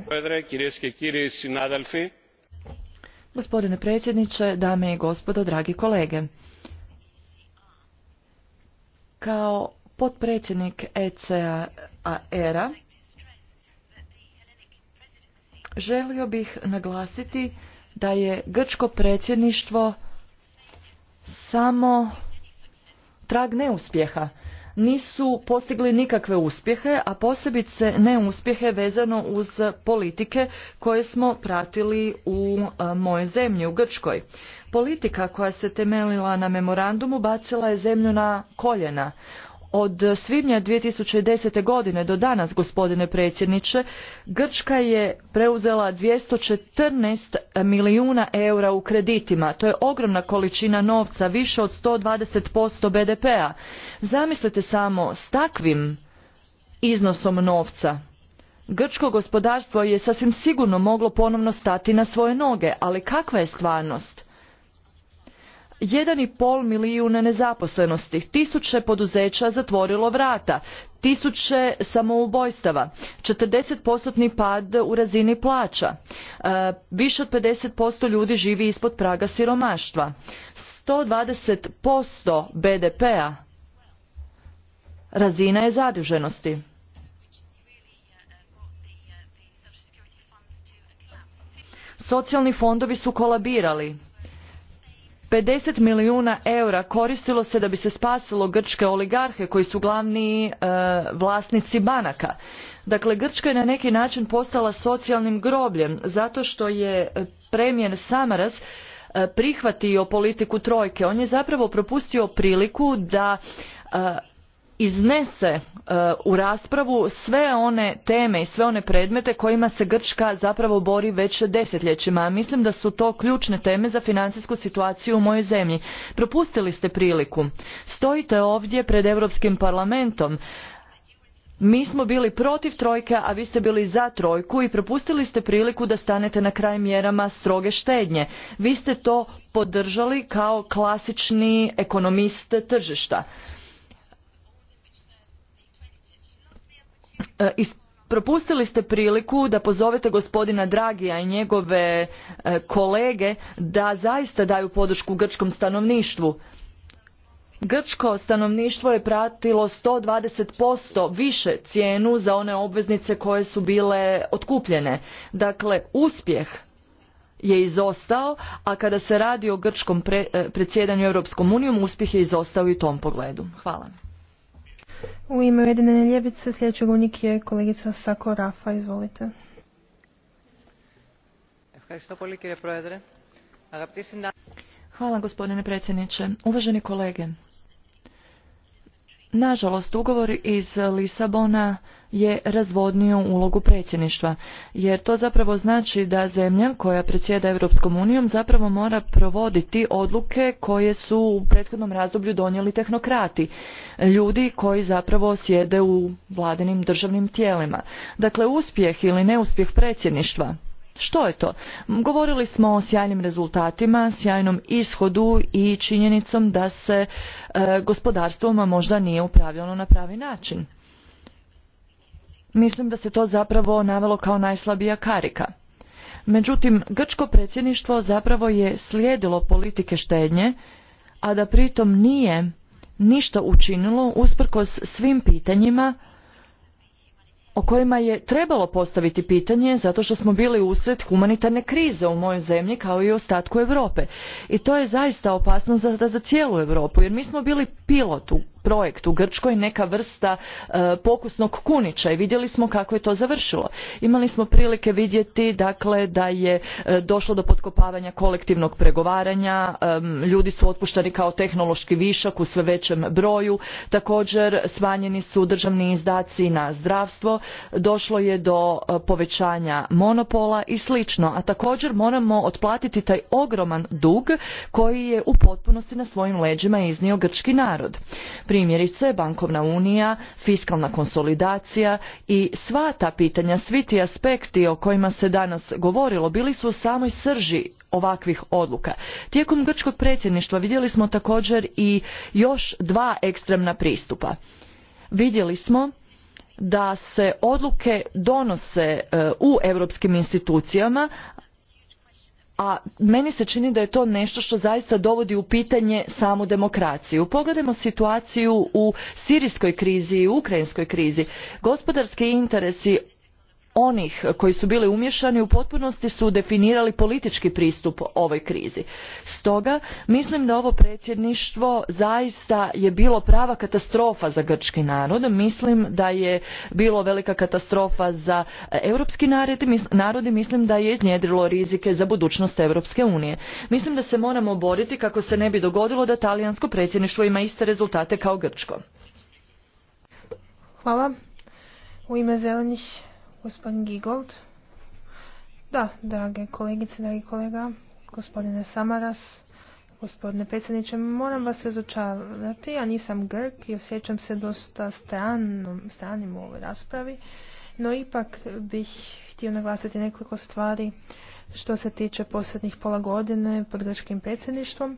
Gospodine predsjedniče, dame i gospodo, dragi kolege. Kao potpredsjednik ECR-a, želio bih naglasiti da je grčko predsjedništvo samo trag neuspjeha nisu postigli nikakve uspjehe, a posebice neuspjehe vezano uz politike koje smo pratili u e, moje zemlji, u Grčkoj. Politika koja se temeljila na memorandumu bacila je zemlju na koljena. Od svibnja 2010. godine do danas, gospodine predsjedniče, Grčka je preuzela 214 milijuna eura u kreditima. To je ogromna količina novca, više od 120% BDP-a. Zamislite samo s takvim iznosom novca grčko gospodarstvo je sasvim sigurno moglo ponovno stati na svoje noge ali kakva je stvarnost 1,5 milijuna nezaposlenosti, tisuće poduzeća zatvorilo vrata, tisuće samoubojstava, 40% pad u razini plaća, e, više od 50% ljudi živi ispod praga siromaštva, 120% BDP-a razina je zaduženosti. Socijalni fondovi su kolabirali 50 milijuna eura koristilo se da bi se spasilo grčke oligarhe koji su glavni e, vlasnici banaka. Dakle, Grčka je na neki način postala socijalnim grobljem zato što je e, premijer Samaras e, prihvatio politiku trojke. On je zapravo propustio priliku da iznese e, u raspravu sve one teme i sve one predmete kojima se Grčka zapravo bori već desetljećima. Mislim da su to ključne teme za financijsku situaciju u mojoj zemlji. Propustili ste priliku. Stojite ovdje pred Europskim parlamentom. Mi smo bili protiv trojke, a vi ste bili za trojku i propustili ste priliku da stanete na kraj mjerama stroge štednje. Vi ste to podržali kao klasični ekonomist tržišta. E, propustili ste priliku da pozovete gospodina Dragija i njegove e, kolege da zaista daju podršku grčkom stanovništvu. Grčko stanovništvo je pratilo 120% više cijenu za one obveznice koje su bile otkupljene. Dakle, uspjeh je izostao, a kada se radi o grčkom e, predsjedanju Europskom unijom, uspjeh je izostao i u tom pogledu. Hvala. U ime Ujedinjene ljevice sljedeći govornik je kolegica Sako Rafa. Izvolite. Hvala gospodine predsjedniče. Uvaženi kolege, Nažalost, ugovor iz Lisabona je razvodnio ulogu predsjedništva, jer to zapravo znači da zemlja koja predsjeda Europskom unijom zapravo mora provoditi odluke koje su u prethodnom razdoblju donijeli tehnokrati, ljudi koji zapravo sjede u vladinim državnim tijelima. Dakle, uspjeh ili neuspjeh predsjedništva što je to? Govorili smo o sjajnim rezultatima, sjajnom ishodu i činjenicom da se e, gospodarstvom možda nije upravljalo na pravi način. Mislim da se to zapravo navelo kao najslabija karika. Međutim, grčko predsjedništvo zapravo je slijedilo politike štednje, a da pritom nije ništa učinilo usprkos svim pitanjima o kojima je trebalo postaviti pitanje zato što smo bili usred humanitarne krize u mojoj zemlji kao i u ostatku Europe. I to je zaista opasnost za, za cijelu Europu jer mi smo bili pilot u projekt u Grčkoj neka vrsta e, pokusnog kunića i vidjeli smo kako je to završilo. Imali smo prilike vidjeti dakle da je e, došlo do potkopavanja kolektivnog pregovaranja, ljudi su otpušteni kao tehnološki višak u sve većem broju, također smanjeni su državni izdaci na zdravstvo, došlo je do e, povećanja monopola i slično, a također moramo otplatiti taj ogroman dug koji je u potpunosti na svojim leđima iznio grčki narod. Primjerice, bankovna unija, fiskalna konsolidacija i sva ta pitanja, svi ti aspekti o kojima se danas govorilo bili su u samoj srži ovakvih odluka. Tijekom grčkog predsjedništva vidjeli smo također i još dva ekstremna pristupa. Vidjeli smo da se odluke donose e, u europskim institucijama a meni se čini da je to nešto što zaista dovodi u pitanje samu demokraciju. Pogledajmo situaciju u sirijskoj krizi i ukrajinskoj krizi. Gospodarski interesi onih koji su bili umješani u potpunosti su definirali politički pristup ovoj krizi. Stoga mislim da ovo predsjedništvo zaista je bilo prava katastrofa za grčki narod. Mislim da je bilo velika katastrofa za europski narod i mislim da je iznjedrilo rizike za budućnost Europske unije. Mislim da se moramo boriti kako se ne bi dogodilo da talijansko predsjedništvo ima iste rezultate kao grčko. Hvala. U ime zelenih Gospodin Gigold. Da, drage kolegice, dragi kolega, gospodine Samaras, gospodine predsjedniče, moram vas razočarati, ja nisam Grk i osjećam se dosta stranom, stranim u ovoj raspravi, no ipak bih htio naglasiti nekoliko stvari što se tiče posljednjih pola godine pod grčkim predsjedništvom.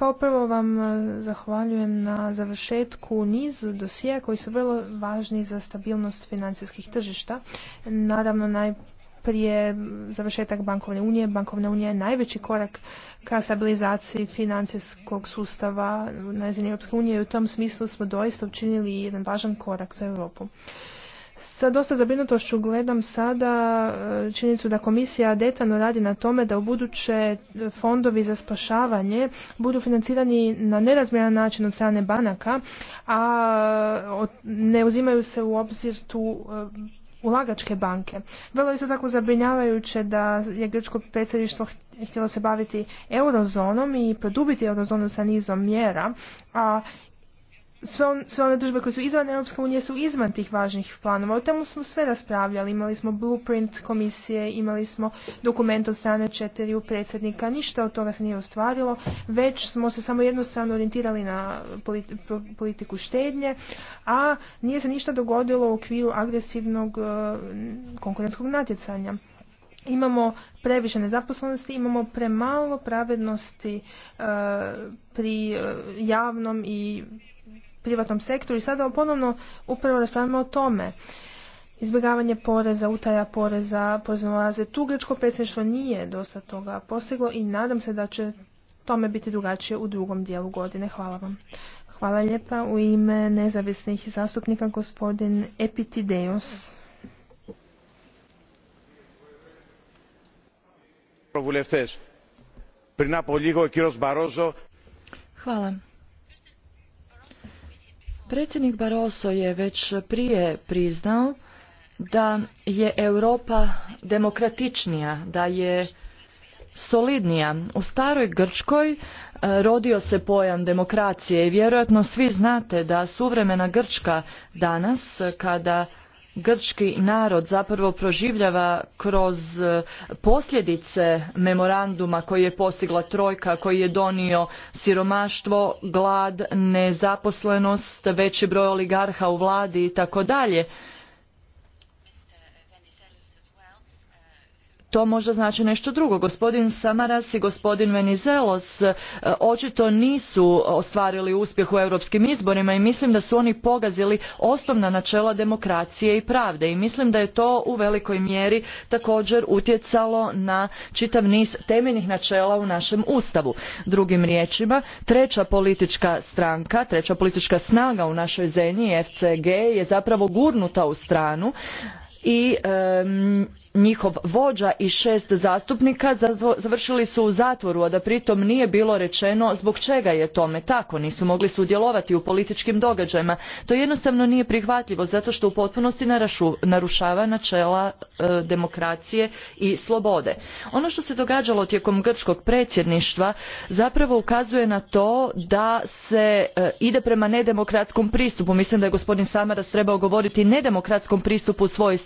Kao prvo vam e, zahvaljujem na završetku nizu dosija koji su vrlo važni za stabilnost financijskih tržišta. Naravno, najprije završetak bankovne unije. Bankovna unija je najveći korak ka stabilizaciji financijskog sustava na razini Europske unije i u tom smislu smo doista učinili jedan važan korak za Europu. Sa dosta zabrinutošću gledam sada e, činjenicu da komisija detaljno radi na tome da u buduće e, fondovi za spašavanje budu financirani na nerazmjeran način od strane banaka, a ne uzimaju se u obzir tu e, ulagačke banke. Vrlo isto tako zabrinjavajuće da je grčko predsjedništvo htjelo se baviti eurozonom i produbiti eurozonu sa nizom mjera, a sve, on, sve one države koje su izvan Europske unije su izvan tih važnih planova. O temu smo sve raspravljali. Imali smo blueprint komisije, imali smo dokument od strane četiriju predsjednika. Ništa od toga se nije ostvarilo. Već smo se samo jednostavno orijentirali na politiku štednje, a nije se ništa dogodilo u okviru agresivnog e, konkurentskog natjecanja imamo previše nezaposlenosti, imamo premalo pravednosti e, pri e, javnom i privatnom sektoru i sada ponovno upravo raspravljamo o tome. Izbjegavanje poreza, utaja poreza, porezno laze, Tu grečko predsjedništvo nije dosta toga postiglo i nadam se da će tome biti drugačije u drugom dijelu godine. Hvala vam. Hvala lijepa. U ime nezavisnih zastupnika gospodin Epitideos. Hvala. Predsjednik Barroso je već prije priznao da je Europa demokratičnija, da je solidnija. U staroj Grčkoj e, rodio se pojam demokracije i vjerojatno svi znate da suvremena Grčka danas kada grčki narod zapravo proživljava kroz e, posljedice memoranduma koji je postigla trojka koji je donio siromaštvo glad nezaposlenost veći broj oligarha u vladi i tako dalje to možda znači nešto drugo. Gospodin Samaras i gospodin Venizelos e, očito nisu ostvarili uspjeh u europskim izborima i mislim da su oni pogazili osnovna načela demokracije i pravde i mislim da je to u velikoj mjeri također utjecalo na čitav niz temeljnih načela u našem Ustavu. Drugim riječima, treća politička stranka, treća politička snaga u našoj zemlji, FCG, je zapravo gurnuta u stranu i njihov vođa i šest zastupnika završili su u zatvoru a da pritom nije bilo rečeno zbog čega je tome tako nisu mogli sudjelovati u političkim događajima to jednostavno nije prihvatljivo zato što u potpunosti narušava načela e, demokracije i slobode ono što se događalo tijekom grčkog predsjedništva zapravo ukazuje na to da se e, ide prema nedemokratskom pristupu mislim da je gospodin samaras trebao govoriti nedemokratskom pristupu svojoj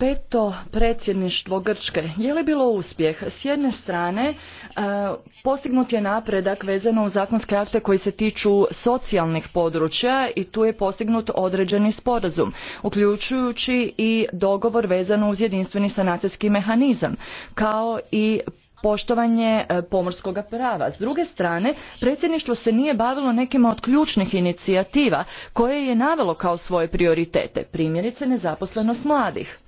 peto predsjedništvo Grčke, je li bilo uspjeh? S jedne strane, e, postignut je napredak vezano u zakonske akte koji se tiču socijalnih područja i tu je postignut određeni sporazum, uključujući i dogovor vezano uz jedinstveni sanacijski mehanizam, kao i poštovanje e, pomorskog prava. S druge strane, predsjedništvo se nije bavilo nekima od ključnih inicijativa koje je navelo kao svoje prioritete, primjerice nezaposlenost mladih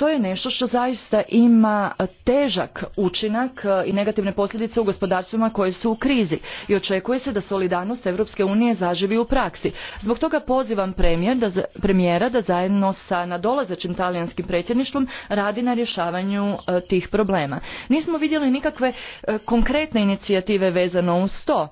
to je nešto što zaista ima težak učinak e, i negativne posljedice u gospodarstvima koje su u krizi i očekuje se da solidarnost Europske unije zaživi u praksi. Zbog toga pozivam premijer da, premijera da zajedno sa nadolazećim talijanskim predsjedništvom radi na rješavanju e, tih problema. Nismo vidjeli nikakve e, konkretne inicijative vezano uz to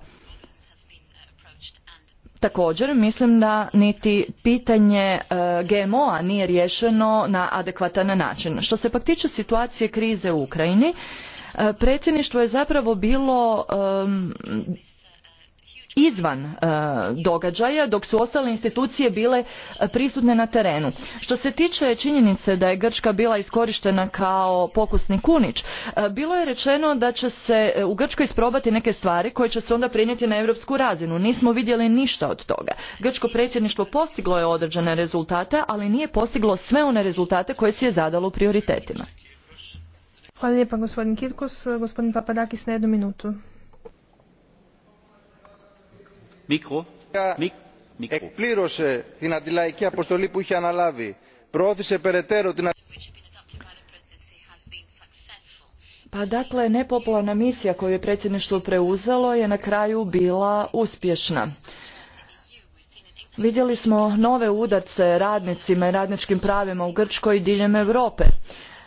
Također mislim da niti pitanje e, GMO-a nije riješeno na adekvatan način. Što se pak tiče situacije krize u Ukrajini, e, predsjedništvo je zapravo bilo izvan e, događaja dok su ostale institucije bile e, prisutne na terenu. Što se tiče činjenice da je Grčka bila iskorištena kao pokusni kunić, e, bilo je rečeno da će se u Grčkoj isprobati neke stvari koje će se onda prenijeti na europsku razinu. Nismo vidjeli ništa od toga. Grčko predsjedništvo postiglo je određene rezultate, ali nije postiglo sve one rezultate koje si je zadalo u prioritetima. Hvala lijepa gospodin Kirkos. Gospodin Papadakis na jednu minutu εκπλήρωσε την αντιλαϊκή αποστολή που είχε αναλάβει προώθησε περαιτέρω την pa dakle nepopularna misija koju je predsjedništvo preuzelo je na kraju bila uspješna. Vidjeli smo nove udarce radnicima i radničkim pravima u Grčkoj i diljem Europe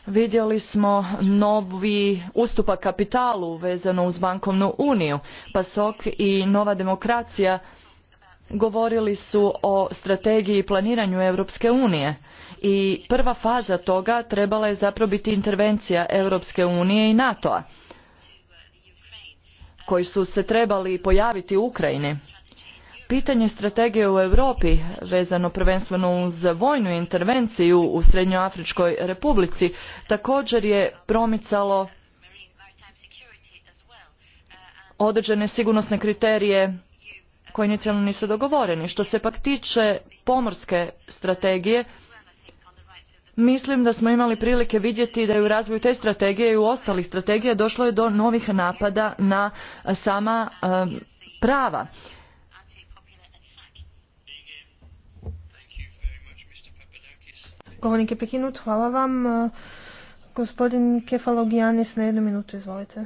vidjeli smo novi ustupak kapitalu vezano uz bankovnu uniju. PASOK i Nova demokracija govorili su o strategiji i planiranju Europske unije i prva faza toga trebala je zapravo biti intervencija Europske unije i NATO-a koji su se trebali pojaviti u Ukrajini Pitanje strategije u Europi vezano prvenstveno uz vojnu intervenciju u Srednjoafričkoj republici također je promicalo određene sigurnosne kriterije koji inicijalno nisu dogovoreni. Što se pak tiče pomorske strategije, mislim da smo imali prilike vidjeti da je u razvoju te strategije i u ostalih strategija došlo je do novih napada na sama eh, prava Govornik je prekinut. Hvala vam. E, gospodin Kefalogijanis na jednu minutu, izvolite.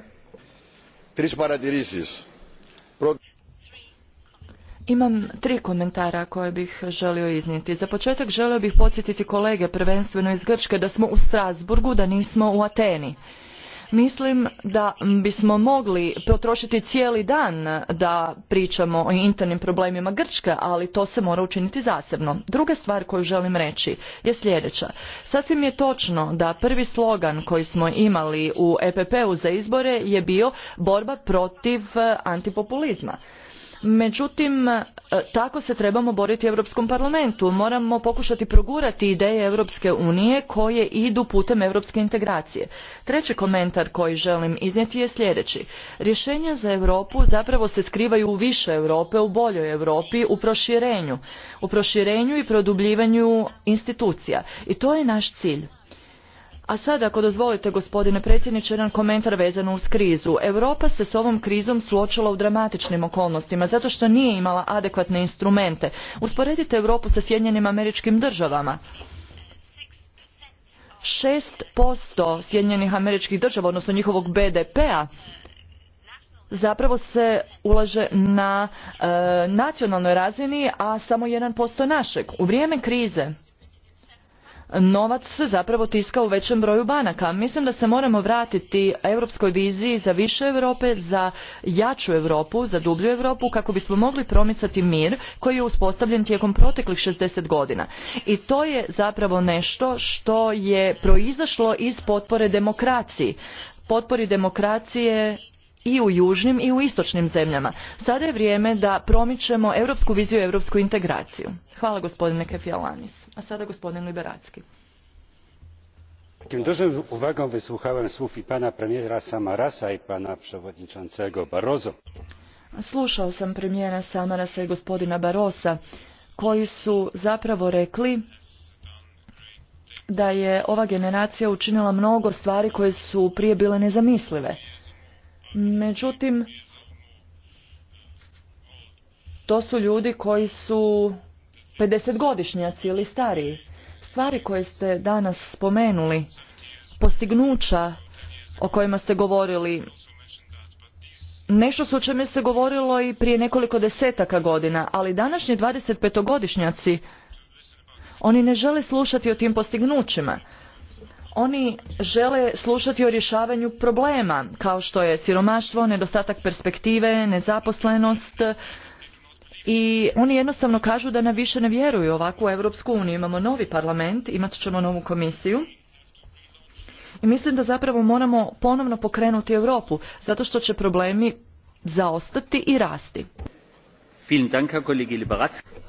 Imam tri komentara koje bih želio iznijeti. Za početak želio bih podsjetiti kolege prvenstveno iz Grčke da smo u Strasburgu, da nismo u Ateni Mislim da bismo mogli potrošiti cijeli dan da pričamo o internim problemima Grčke, ali to se mora učiniti zasebno. Druga stvar koju želim reći je sljedeća. Sasvim je točno da prvi slogan koji smo imali u EPP-u za izbore je bio borba protiv eh, antipopulizma. Međutim, e, tako se trebamo boriti u Europskom parlamentu. Moramo pokušati progurati ideje Europske unije koje idu putem europske integracije. Treći komentar koji želim iznijeti je sljedeći. Rješenja za Europu zapravo se skrivaju u više Europe, u boljoj Europi, u proširenju. U proširenju i produbljivanju institucija. I to je naš cilj. A sada, ako dozvolite, gospodine predsjedniče, jedan komentar vezan uz krizu. Europa se s ovom krizom suočila u dramatičnim okolnostima, zato što nije imala adekvatne instrumente. Usporedite Europu sa Sjedinjenim američkim državama šest posto sjedinjenih američkih država odnosno njihovog bdp a zapravo se ulaže na e, nacionalnoj razini a samo jedan posto našeg u vrijeme krize novac se zapravo tiska u većem broju banaka. Mislim da se moramo vratiti europskoj viziji za više Europe, za jaču Europu, za dublju Europu kako bismo mogli promicati mir koji je uspostavljen tijekom proteklih 60 godina. I to je zapravo nešto što je proizašlo iz potpore demokraciji. Potpori demokracije i u južnim i u istočnim zemljama. Sada je vrijeme da promičemo europsku viziju i europsku integraciju. Hvala gospodine Kefialanis. A sada gospodin Liberacki. Tym dużym uwagą wysłuchałem słów i pana premiera Samarasa i pana przewodniczącego Barroso. Slušao sam premijera Samarasa i gospodina Barosa koji su zapravo rekli da je ova generacija učinila mnogo stvari koje su prije bile nezamislive. Međutim, to su ljudi koji su 50-godišnjaci ili stariji. Stvari koje ste danas spomenuli, postignuća o kojima ste govorili, nešto su o čemu se govorilo i prije nekoliko desetaka godina, ali današnji 25-godišnjaci, oni ne žele slušati o tim postignućima. Oni žele slušati o rješavanju problema, kao što je siromaštvo, nedostatak perspektive, nezaposlenost, i oni jednostavno kažu da na više ne vjeruju ovakvu Europsku uniju. Imamo novi parlament, imat ćemo novu komisiju i mislim da zapravo moramo ponovno pokrenuti Europu zato što će problemi zaostati i rasti.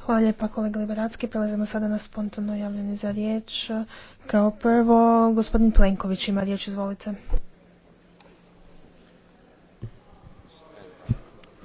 Hvala lijepa kolega Liberacki. Prelazimo sada na spontano javljanje za riječ. Kao prvo, gospodin Plenković ima riječ, izvolite.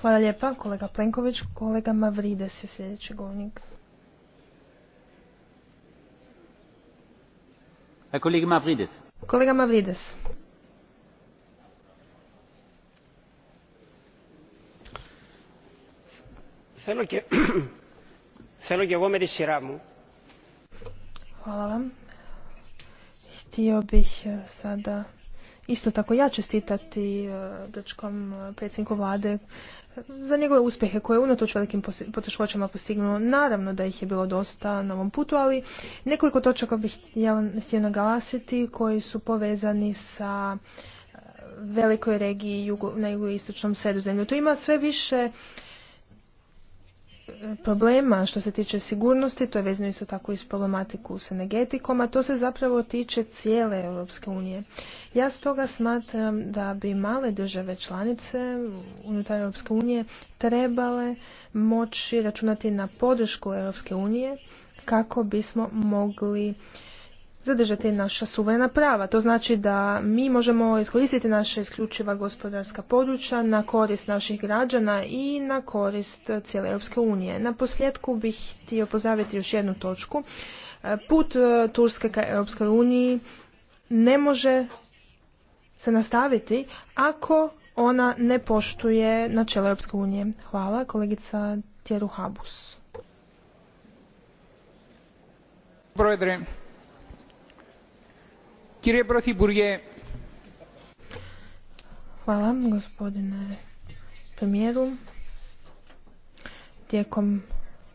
Hvala lijepa, kolega Plenković. Kolega Mavrides je sljedeći govornik. Kolega Mavrides. Kolega Mavrides. Θέλω και εγώ με τη σειρά μου. Hvala vam. Htio bih eh, sada isto tako ja čestitati e, grčkom e, predsjedniku vlade e, za njegove uspjehe koje je unatoč velikim poteškoćama postignuo. Naravno da ih je bilo dosta na ovom putu, ali nekoliko točaka bih htio naglasiti koji su povezani sa velikoj regiji na jugoistočnom sredozemlju. Tu ima sve više problema što se tiče sigurnosti, to je vezano isto tako i s problematiku s energetikom, a to se zapravo tiče cijele Europske unije. Ja stoga smatram da bi male države članice unutar Europske unije trebale moći računati na podršku Europske unije kako bismo mogli zadržati naša suverena prava. To znači da mi možemo iskoristiti naše isključiva gospodarska područja na korist naših građana i na korist cijele Europske unije. Na posljedku bih htio pozdraviti još jednu točku. E, put e, Turske ka Europskoj uniji ne može se nastaviti ako ona ne poštuje načela Europske unije. Hvala, kolegica Tjeru Habus. Hvala gospodine premijeru. Tijekom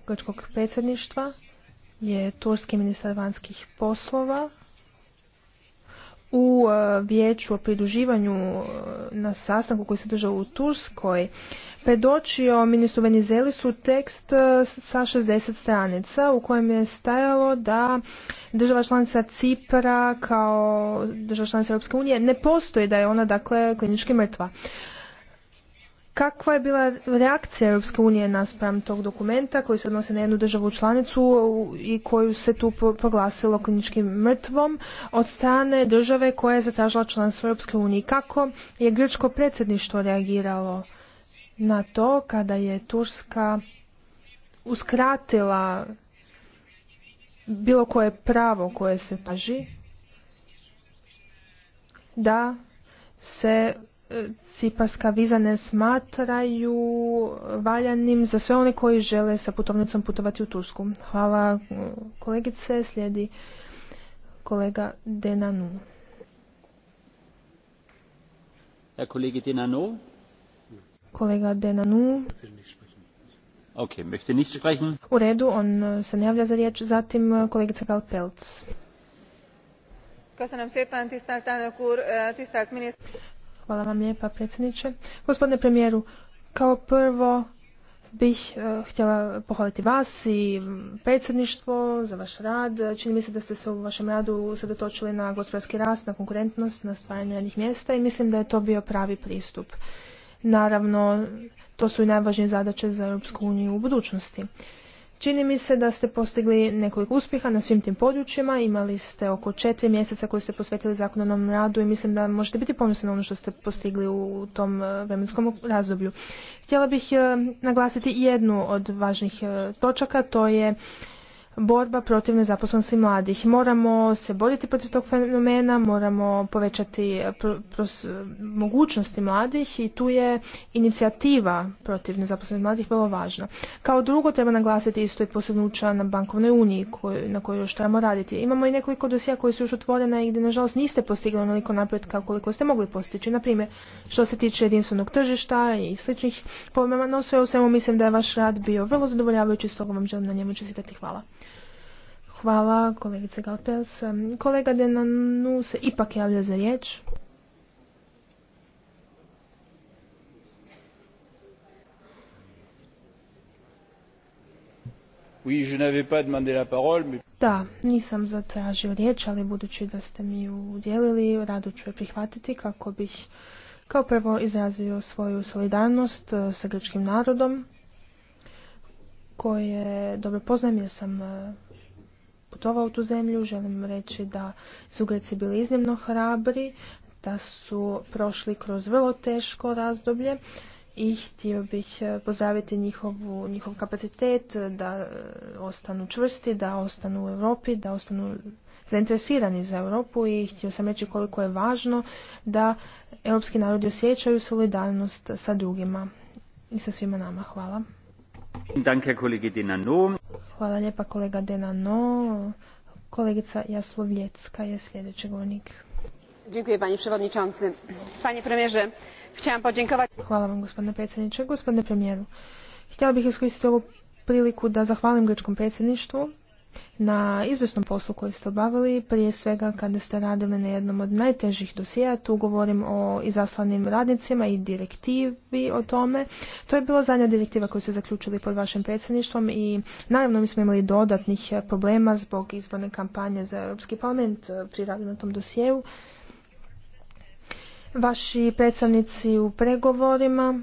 grčkog predsjedništva je turski ministar vanjskih poslova u e, vijeću o pridruživanju e, na sastanku koji se držao u Turskoj predočio ministru Venizelisu tekst e, sa 60 stranica u kojem je stajalo da država članica Cipra kao država članica Europske unije ne postoji da je ona dakle klinički mrtva. Kakva je bila reakcija Europske unije naspram tog dokumenta koji se odnose na jednu državu članicu i koju se tu proglasilo kliničkim mrtvom od strane države koja je zatražila članstvo Europske unije? Kako je grčko predsjedništvo reagiralo na to kada je Turska uskratila bilo koje pravo koje se traži da se ciparska viza ne smatraju valjanim za sve one koji žele sa putovnicom putovati u Tursku. Hvala kolegice, slijedi kolega Denanu. Ja, kolegi Denanu. Kolega Denanu. Okay, möchte nicht sprechen. U redu, on se ne javlja za riječ. Zatim kolegica Galpelc. Hvala vam lijepa, predsjedniče. Gospodine premijeru, kao prvo bih e, htjela pohvaliti vas i predsjedništvo za vaš rad. Čini mi se da ste se u vašem radu sredotočili na gospodarski rast, na konkurentnost, na stvaranje radnih mjesta i mislim da je to bio pravi pristup. Naravno, to su i najvažnije zadaće za Europsku uniju u budućnosti. Čini mi se da ste postigli nekoliko uspjeha na svim tim područjima, imali ste oko četiri mjeseca koje ste posvetili zakonodavnom radu i mislim da možete biti ponosni na ono što ste postigli u tom e, vremenskom razdoblju. Htjela bih e, naglasiti jednu od važnih e, točaka, to je borba protiv nezaposlenosti mladih. Moramo se boriti protiv tog fenomena, moramo povećati mogućnosti mladih i tu je inicijativa protiv nezaposlenosti mladih vrlo važna. Kao drugo treba naglasiti isto i uča na bankovnoj uniji na kojoj još trebamo raditi. Imamo i nekoliko dosija koji su još otvorena i gdje nažalost niste postigli onoliko napretka koliko ste mogli postići. Naprimjer, što se tiče jedinstvenog tržišta i sličnih problema, no sve u svemu mislim da je vaš rad bio vrlo zadovoljavajući, stoga vam želim na njemu čestitati. Hvala. Hvala kolegice Galpels. Kolega Denanu se ipak javlja za riječ. Da, nisam zatražio riječ, ali budući da ste mi ju udjelili, rado ću je prihvatiti kako bih kao prvo izrazio svoju solidarnost eh, sa grčkim narodom koje dobro poznajem jer sam eh, putovao u tu zemlju, želim reći da su Greci bili iznimno hrabri, da su prošli kroz vrlo teško razdoblje i htio bih e, pozdraviti njihovu, njihov kapacitet da e, ostanu čvrsti, da ostanu u Europi, da ostanu zainteresirani za Europu i htio sam reći koliko je važno da europski narodi osjećaju solidarnost sa drugima i sa svima nama. Hvala. Hvala lijepa kolega Denano. Kolegica Jaslovljecka je sljedeći govornik. Hvala vam gospodine predsjedniče. Gospodine premijeru, htjela bih iskoristiti ovu priliku da zahvalim grčkom predsjedništvu na izvjesnom poslu koji ste obavili, prije svega kada ste radili na jednom od najtežih dosija, tu govorim o izaslanim radnicima i direktivi o tome. To je bila zadnja direktiva koju ste zaključili pod vašim predsjedništvom i naravno mi smo imali dodatnih problema zbog izborne kampanje za Europski parlament pri radu na tom dosijeu. Vaši predstavnici u pregovorima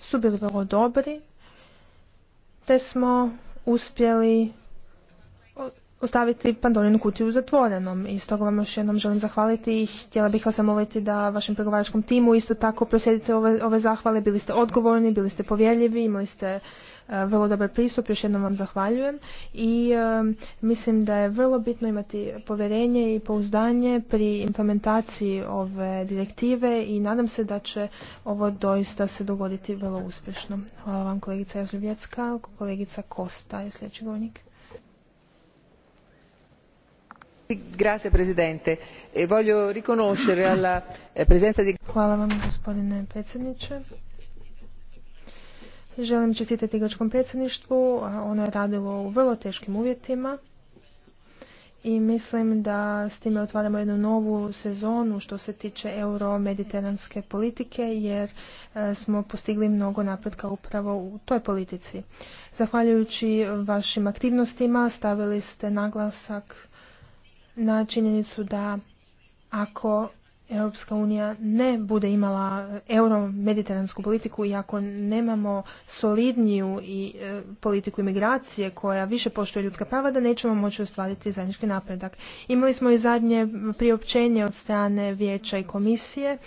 su bili vrlo dobri, te smo uspjeli ostaviti Pandorinu kutiju zatvorenom i stoga vam još jednom želim zahvaliti i htjela bih vas zamoliti da vašem pregovaračkom timu isto tako prosjedite ove, ove zahvale, bili ste odgovorni, bili ste povjerljivi, imali ste e, vrlo dobar pristup, još jednom vam zahvaljujem i e, mislim da je vrlo bitno imati povjerenje i pouzdanje pri implementaciji ove direktive i nadam se da će ovo doista se dogoditi vrlo uspješno. Hvala vam kolegica Jazljubljecka, kolegica Kosta je sljedeći govornik presidente e voglio riconoscere alla eh, presenza di. hvala vam gospodine želim čestitati predsjedništvu ono je radilo u vrlo teškim uvjetima i mislim da s time otvaramo jednu novu sezonu što se tiče euromediteranske politike jer e, smo postigli mnogo napretka upravo u toj politici. Zahvaljujući vašim aktivnostima stavili ste naglasak na činjenicu da ako Europska unija ne bude imala euromediteransku politiku i ako nemamo solidniju i e, politiku imigracije koja više poštuje ljudska prava da nećemo moći ostvariti zajednički napredak. Imali smo i zadnje priopćenje od strane vijeća i komisije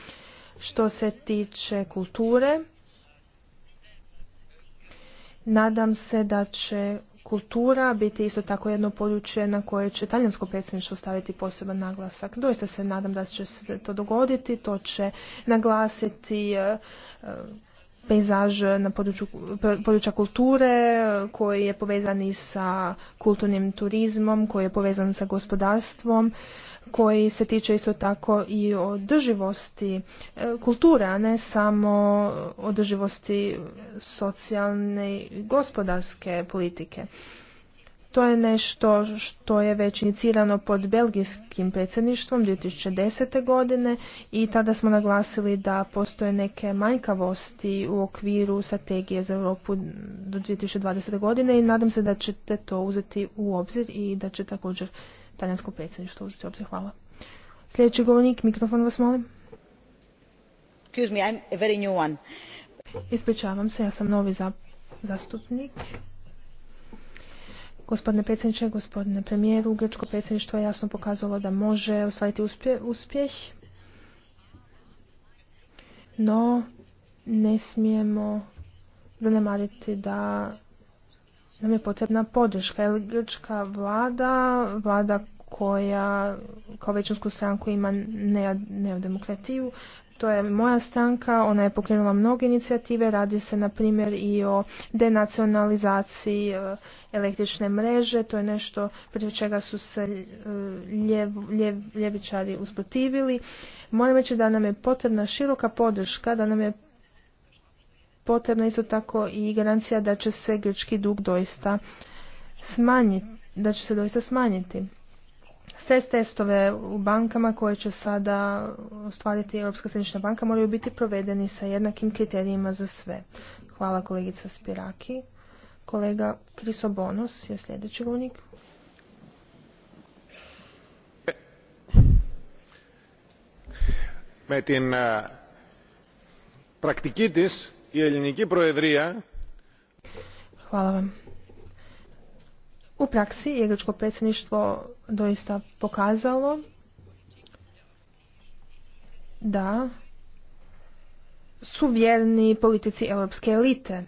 što se tiče kulture. Nadam se da će kultura biti isto tako jedno područje na koje će talijansko predsjedništvo staviti poseban naglasak. Doista se nadam da će se to dogoditi, to će naglasiti e, e, pejzaž na području, područja kulture koji je povezan i sa kulturnim turizmom, koji je povezan sa gospodarstvom, koji se tiče isto tako i održivosti e, kulture, a ne samo održivosti socijalne i gospodarske politike. To je nešto što je već inicirano pod belgijskim predsjedništvom 2010. godine i tada smo naglasili da postoje neke manjkavosti u okviru strategije za Europu do 2020. godine i nadam se da ćete to uzeti u obzir i da će također talijansko predsjedništvo uzeti obzir. Hvala. Sljedeći govornik, mikrofon vas molim. Excuse me, I'm a very new one. Ispričavam se, ja sam novi zastupnik. Gospodine predsjedniče, gospodine premijeru, grečko predsjedništvo je jasno pokazalo da može ostvariti uspjeh, no ne smijemo zanemariti da nam je potrebna podrška. Jer grčka vlada, vlada koja kao većinsku stranku ima neodemokratiju, to je moja stranka, ona je pokrenula mnoge inicijative, radi se na primjer i o denacionalizaciji e, električne mreže, to je nešto protiv čega su se e, ljevičari usprotivili. Moram reći da nam je potrebna široka podrška, da nam je potrebna isto tako i garancija da će se grčki dug doista smanjiti, da će se doista smanjiti. Stres testove u bankama koje će sada ostvariti Europska središnja banka moraju biti provedeni sa jednakim kriterijima za sve. Hvala kolegica Spiraki. Kolega Kriso bonus je sljedeći govornik. Hvala vam. U praksi je grčko predsjedništvo doista pokazalo da su vjerni politici europske elite.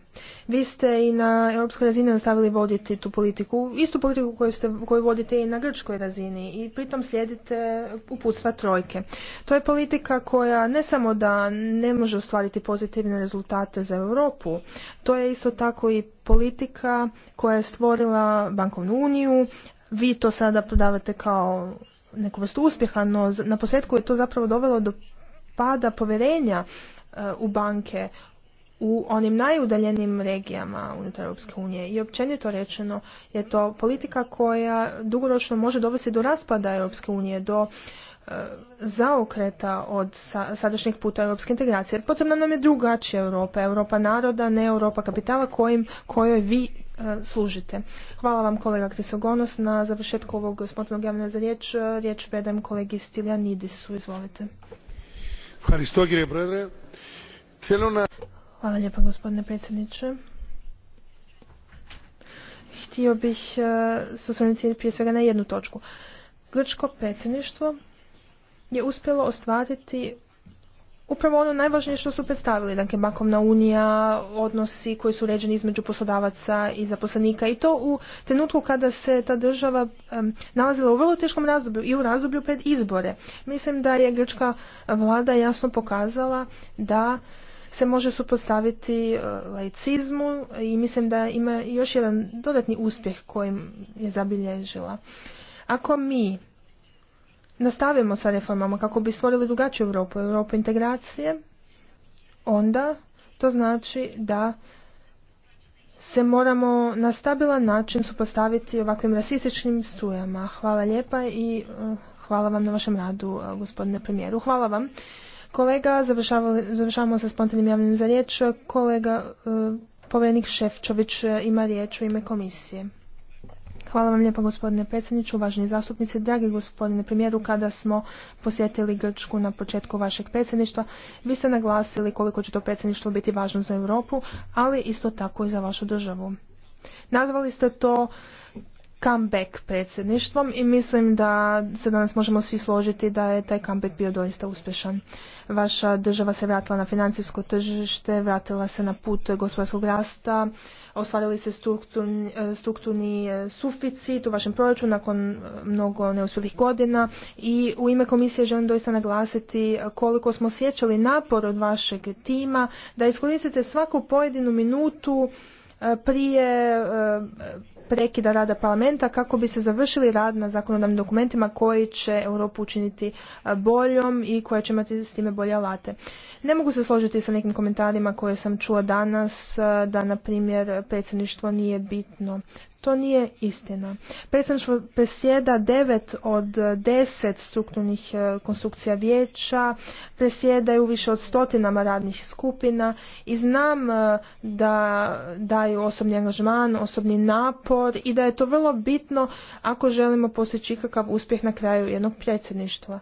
Vi ste i na europskoj razini nastavili voditi tu politiku, istu politiku koju, ste, koju vodite i na grčkoj razini i pritom slijedite uputstva trojke. To je politika koja ne samo da ne može ostvariti pozitivne rezultate za Europu, to je isto tako i politika koja je stvorila bankovnu uniju, vi to sada prodavate kao neku vrstu uspjeha, no na posljedku je to zapravo dovelo do pada povjerenja u banke u onim najudaljenim regijama unutar Europske unije i općenito rečeno je to politika koja dugoročno može dovesti do raspada Europske unije, do e, zaokreta od sadašnjeg puta europske integracije. Jer potrebna nam je drugačija Europa, Europa naroda, ne Europa kapitala kojim, kojoj vi e, služite. Hvala vam kolega Krisogonos na završetku ovog spontanog javna za riječ. Riječ predajem kolegi Stiljanidisu. Izvolite. Hvala Hvala lijepa gospodine predsjedniče. Htio bih e, se prije svega na jednu točku. Grčko predsjedništvo je uspjelo ostvariti upravo ono najvažnije što su predstavili, dakle bankovna unija, odnosi koji su uređeni između poslodavaca i zaposlenika i to u trenutku kada se ta država nalazila u vrlo teškom razdoblju i u razdoblju pred izbore. Mislim da je grčka vlada jasno pokazala da se može suprotstaviti e, laicizmu i mislim da ima još jedan dodatni uspjeh kojim je zabilježila. Ako mi nastavimo sa reformama kako bi stvorili drugačiju Europu, Europu integracije, onda to znači da se moramo na stabilan način supostaviti ovakvim rasističnim strujama. Hvala lijepa i e, hvala vam na vašem radu, e, gospodine premijeru. Hvala vam kolega. Završavamo sa spontanim javnim za riječ. Kolega e, povjerenik Šefčović e, ima riječ u ime komisije. Hvala vam lijepa gospodine predsjedniče, uvaženi zastupnici, dragi gospodine premijeru, kada smo posjetili Grčku na početku vašeg predsjedništva, vi ste naglasili koliko će to predsjedništvo biti važno za Europu, ali isto tako i za vašu državu. Nazvali ste to comeback predsjedništvom i mislim da se danas možemo svi složiti da je taj comeback bio doista uspješan. Vaša država se vratila na financijsko tržište, vratila se na put gospodarskog rasta, ostvarili se strukturni, e, strukturni e, suficit u vašem proračunu nakon e, mnogo neuspjelih godina i u ime komisije želim doista naglasiti koliko smo sjećali napor od vašeg tima da iskoristite svaku pojedinu minutu prije prekida rada parlamenta kako bi se završili rad na zakonodavnim dokumentima koji će Europu učiniti e, boljom i koja će imati s time bolje alate. Ne mogu se složiti sa nekim komentarima koje sam čula danas e, da na primjer predsjedništvo nije bitno to nije istina. Predsjedništvo presjeda devet od deset strukturnih e, konstrukcija vijeća, presjedaju više od stotinama radnih skupina i znam e, da daju osobni angažman, osobni napor i da je to vrlo bitno ako želimo postići ikakav uspjeh na kraju jednog predsjedništva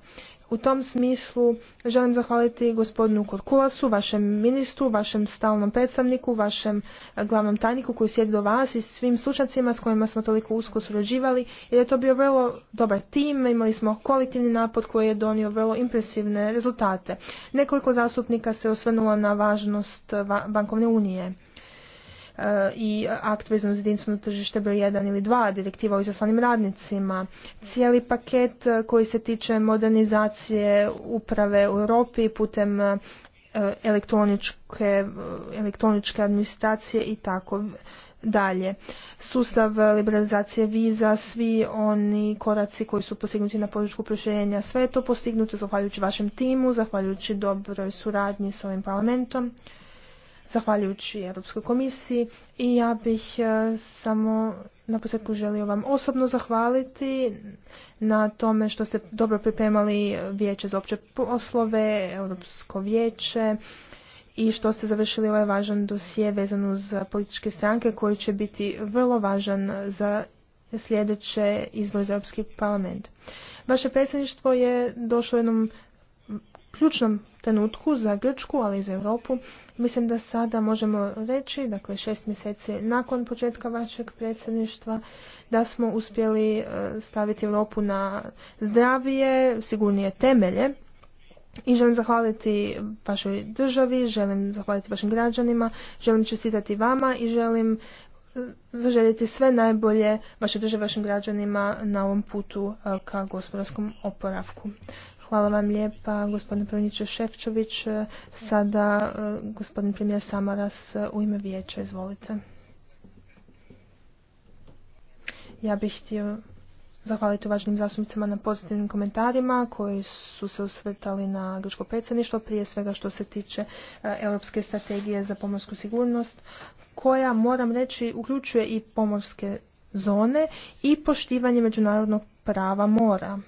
u tom smislu želim zahvaliti gospodinu Korkulasu, vašem ministru, vašem stalnom predstavniku, vašem eh, glavnom tajniku koji sjedi do vas i svim slučacima s kojima smo toliko usko surađivali jer je to bio vrlo dobar tim, imali smo kolektivni napad koji je donio vrlo impresivne rezultate. Nekoliko zastupnika se osvrnulo na važnost eh, bankovne unije i akt vezano za jedinstveno tržište broj 1 ili 2, direktiva o izaslanim radnicima, cijeli paket e, koji se tiče modernizacije uprave u Europi putem e, elektroničke, e, elektroničke administracije i tako dalje. Sustav liberalizacije viza, svi oni koraci koji su postignuti na području proširenja, sve je to postignuto zahvaljujući vašem timu, zahvaljujući dobroj suradnji s ovim parlamentom zahvaljujući Europskoj komisiji i ja bih e, samo na posljedku želio vam osobno zahvaliti na tome što ste dobro pripremali vijeće za opće poslove, Europsko vijeće i što ste završili ovaj važan dosije vezan uz političke stranke koji će biti vrlo važan za sljedeće izbor za Europski parlament. Vaše predsjedništvo je došlo u jednom ključnom trenutku za Grčku, ali i za Europu Mislim da sada možemo reći, dakle šest mjeseci nakon početka vašeg predsjedništva, da smo uspjeli e, staviti lopu na zdravije, sigurnije temelje. I želim zahvaliti vašoj državi, želim zahvaliti vašim građanima, želim čestitati vama i želim e, zaželjeti sve najbolje vaše države, vašim građanima na ovom putu e, ka gospodarskom oporavku. Hvala vam lijepa, gospodine Prvniče Ševčović, Sada e, gospodin premijer Samaras e, u ime vijeća, izvolite. Ja bih htio zahvaliti uvaženim zastupnicima na pozitivnim komentarima koji su se osvrtali na grčko predsjedništvo, prije svega što se tiče e, Europske strategije za pomorsku sigurnost, koja, moram reći, uključuje i pomorske zone i poštivanje međunarodnog prava mora.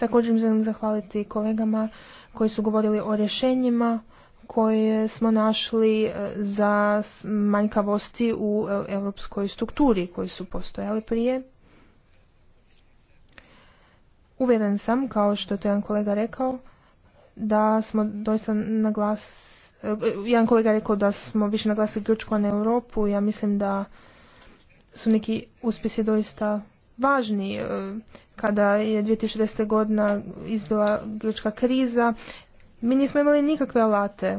Također želim zahvaliti kolegama koji su govorili o rješenjima koje smo našli e, za manjkavosti u e, europskoj strukturi koji su postojali prije. Uvjeren sam, kao što je to jedan kolega rekao, da smo doista naglas... E, jedan kolega rekao da smo više naglasili ključku na Europu. Ja mislim da su neki uspjesi doista važni. E, kada je 2010. godina izbila grčka kriza, mi nismo imali nikakve alate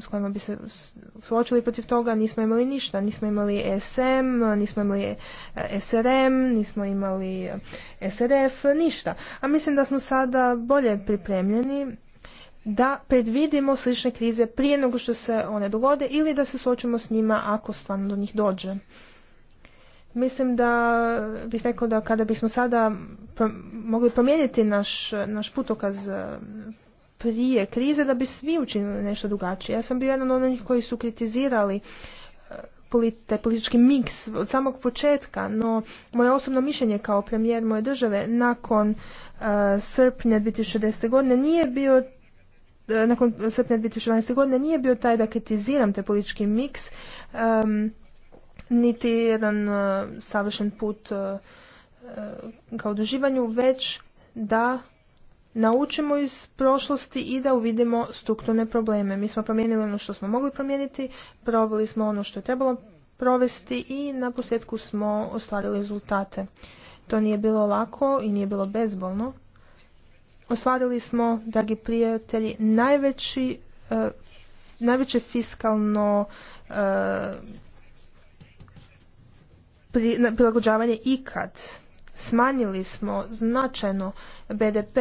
s kojima bi se suočili protiv toga, nismo imali ništa, nismo imali SM, nismo imali e, SRM, nismo imali e, SRF, ništa. A mislim da smo sada bolje pripremljeni da predvidimo slične krize prije nego što se one dogode ili da se suočimo s njima ako stvarno do njih dođe. Mislim da bih rekao da kada bismo sada mogli promijeniti naš, naš putokaz eh, prije krize, da bi svi učinili nešto drugačije. Ja sam bio jedan od onih koji su kritizirali eh, taj politički miks od samog početka, no moje osobno mišljenje kao premijer moje države nakon uh, srpnja 2010. godine nije bio nakon srpnja 2012. godine nije bio taj da kritiziram taj politički miks um, niti jedan e, savršen put e, e, ka oduživanju, već da naučimo iz prošlosti i da uvidimo strukturne probleme. Mi smo promijenili ono što smo mogli promijeniti, probili smo ono što je trebalo provesti i na posljedku smo ostvarili rezultate. To nije bilo lako i nije bilo bezbolno. Ostvarili smo, dragi prijatelji, najveći, najveće fiskalno prilagođavanje ikad. Smanjili smo značajno BDP.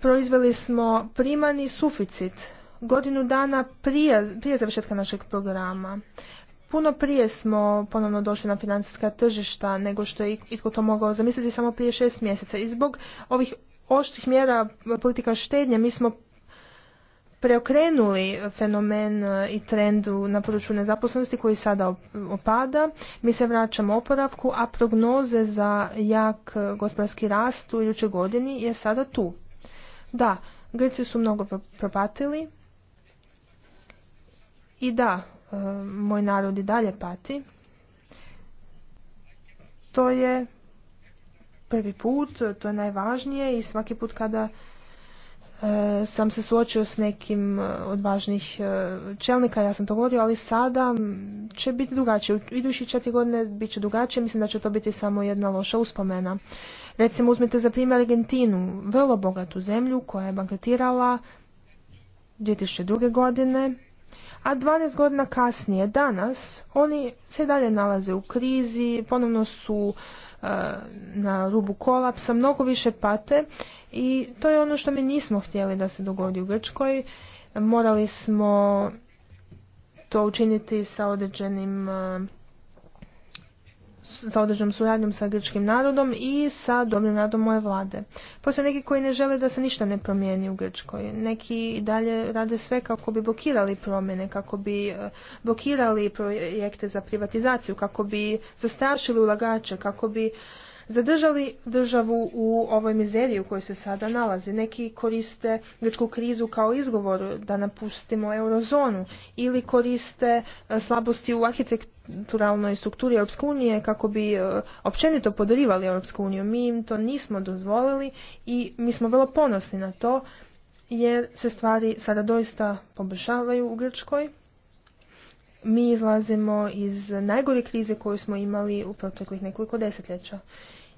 Proizveli smo primani suficit godinu dana prije, prije završetka našeg programa. Puno prije smo ponovno došli na financijska tržišta nego što je itko to mogao zamisliti samo prije šest mjeseca. I zbog ovih oštih mjera politika štednje mi smo preokrenuli fenomen eh, i trendu na području nezaposlenosti koji sada opada. Mi se vraćamo oporavku, a prognoze za jak eh, gospodarski rast u idućoj godini je sada tu. Da, Grci su mnogo propatili i da, eh, moj narod i dalje pati. To je prvi put, to je najvažnije i svaki put kada E, sam se suočio s nekim e, od važnih e, čelnika, ja sam to govorio, ali sada će biti drugačije. U četiri godine bit će drugačije, mislim da će to biti samo jedna loša uspomena. Recimo uzmite za primjer Argentinu, vrlo bogatu zemlju koja je bankretirala 2002. godine, a 12 godina kasnije, danas, oni se dalje nalaze u krizi, ponovno su na rubu kolapsa, mnogo više pate i to je ono što mi nismo htjeli da se dogodi u Grčkoj. Morali smo to učiniti sa određenim sa određenom suradnjom sa grčkim narodom i sa dobrim radom moje vlade. Postoje neki koji ne žele da se ništa ne promijeni u Grčkoj. Neki dalje rade sve kako bi blokirali promjene, kako bi eh, blokirali projekte za privatizaciju, kako bi zastrašili ulagače, kako bi zadržali državu u ovoj mizeriji u kojoj se sada nalazi. Neki koriste grčku krizu kao izgovor da napustimo eurozonu ili koriste e, slabosti u arhitekturalnoj strukturi Europske unije kako bi e, općenito podarivali Europsku uniju. Mi im to nismo dozvolili i mi smo vrlo ponosni na to jer se stvari sada doista poboljšavaju u Grčkoj mi izlazimo iz najgore krize koju smo imali u proteklih nekoliko desetljeća.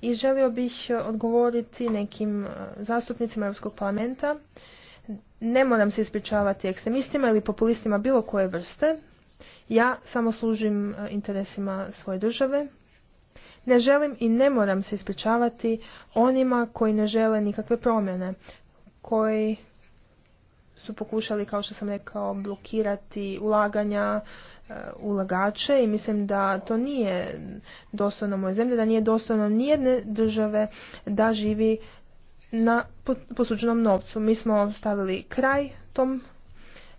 I želio bih odgovoriti nekim e, zastupnicima Europskog parlamenta. Ne moram se ispričavati ekstremistima ili populistima bilo koje vrste. Ja samo služim e, interesima svoje države. Ne želim i ne moram se ispričavati onima koji ne žele nikakve promjene, koji su pokušali, kao što sam rekao, blokirati ulaganja, E, ulagače i mislim da to nije dostojno moje zemlje, da nije dostojno nijedne države da živi na posuđenom novcu. Mi smo stavili kraj tom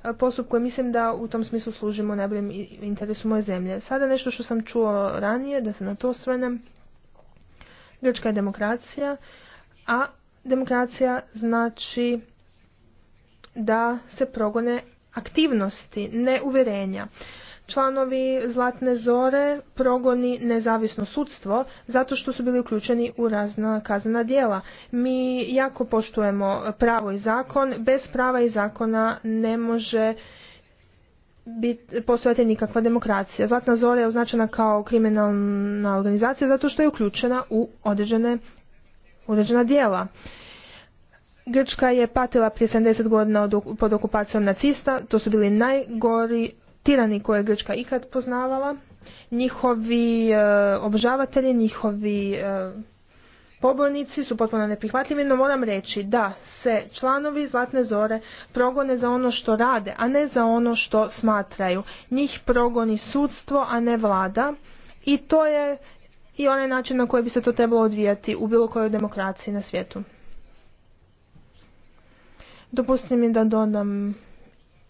e, postupku i mislim da u tom smislu služimo najboljem interesu moje zemlje. Sada nešto što sam čuo ranije, da se na to osvrnem. Grčka je demokracija, a demokracija znači da se progone aktivnosti, ne uverenja članovi Zlatne Zore progoni nezavisno sudstvo zato što su bili uključeni u razna kaznena djela. Mi jako poštujemo pravo i zakon. Bez prava i zakona ne može postojati nikakva demokracija. Zlatna Zora je označena kao kriminalna organizacija zato što je uključena u određene, određena djela. Grčka je patila prije 70 godina pod okupacijom nacista, to su bili najgori tirani koje je Grčka ikad poznavala, njihovi e, obožavatelji, njihovi e, pobojnici su potpuno neprihvatljivi, no moram reći da se članovi Zlatne Zore progone za ono što rade, a ne za ono što smatraju. Njih progoni sudstvo, a ne vlada i to je i onaj način na koji bi se to trebalo odvijati u bilo kojoj demokraciji na svijetu. Dopustite mi da dodam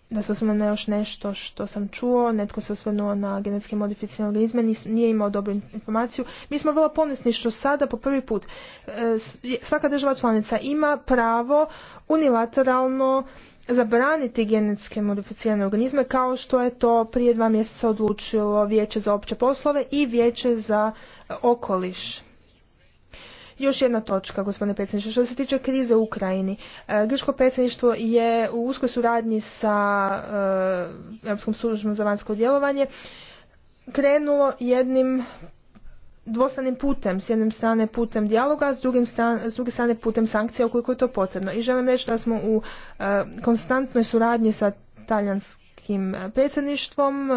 da se osvrnuo na još nešto što sam čuo, netko se osvrnuo na genetske modificirane organizme, nije imao dobru informaciju. Mi smo vrlo ponosni što sada po prvi put e, svaka država članica ima pravo unilateralno zabraniti genetske modificirane organizme kao što je to prije dva mjeseca odlučilo Vijeće za opće poslove i Vijeće za e, okoliš. Još jedna točka, gospodine predsjedniče. Što se tiče krize u Ukrajini, e, Grško predsjedništvo je u uskoj suradnji sa e, Europskom službom za vanjsko djelovanje krenulo jednim dvostranim putem, s jedne strane putem dijaloga, s, s druge strane putem sankcija ukoliko je to potrebno. I želim reći da smo u e, konstantnoj suradnji sa talijanskim predsjedništvom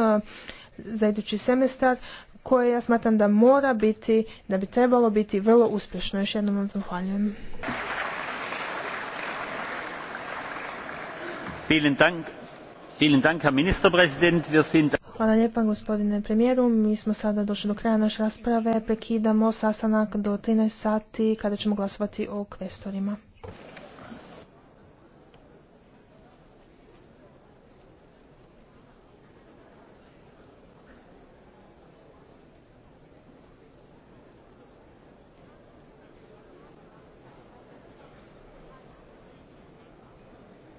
za idući semestar koje ja smatram da mora biti, da bi trebalo biti vrlo uspješno. Još jednom vam zahvaljujem. Hvala lijepa gospodine premijeru. Mi smo sada došli do kraja naše rasprave. Prekidamo sastanak do 13 sati kada ćemo glasovati o kvestorima.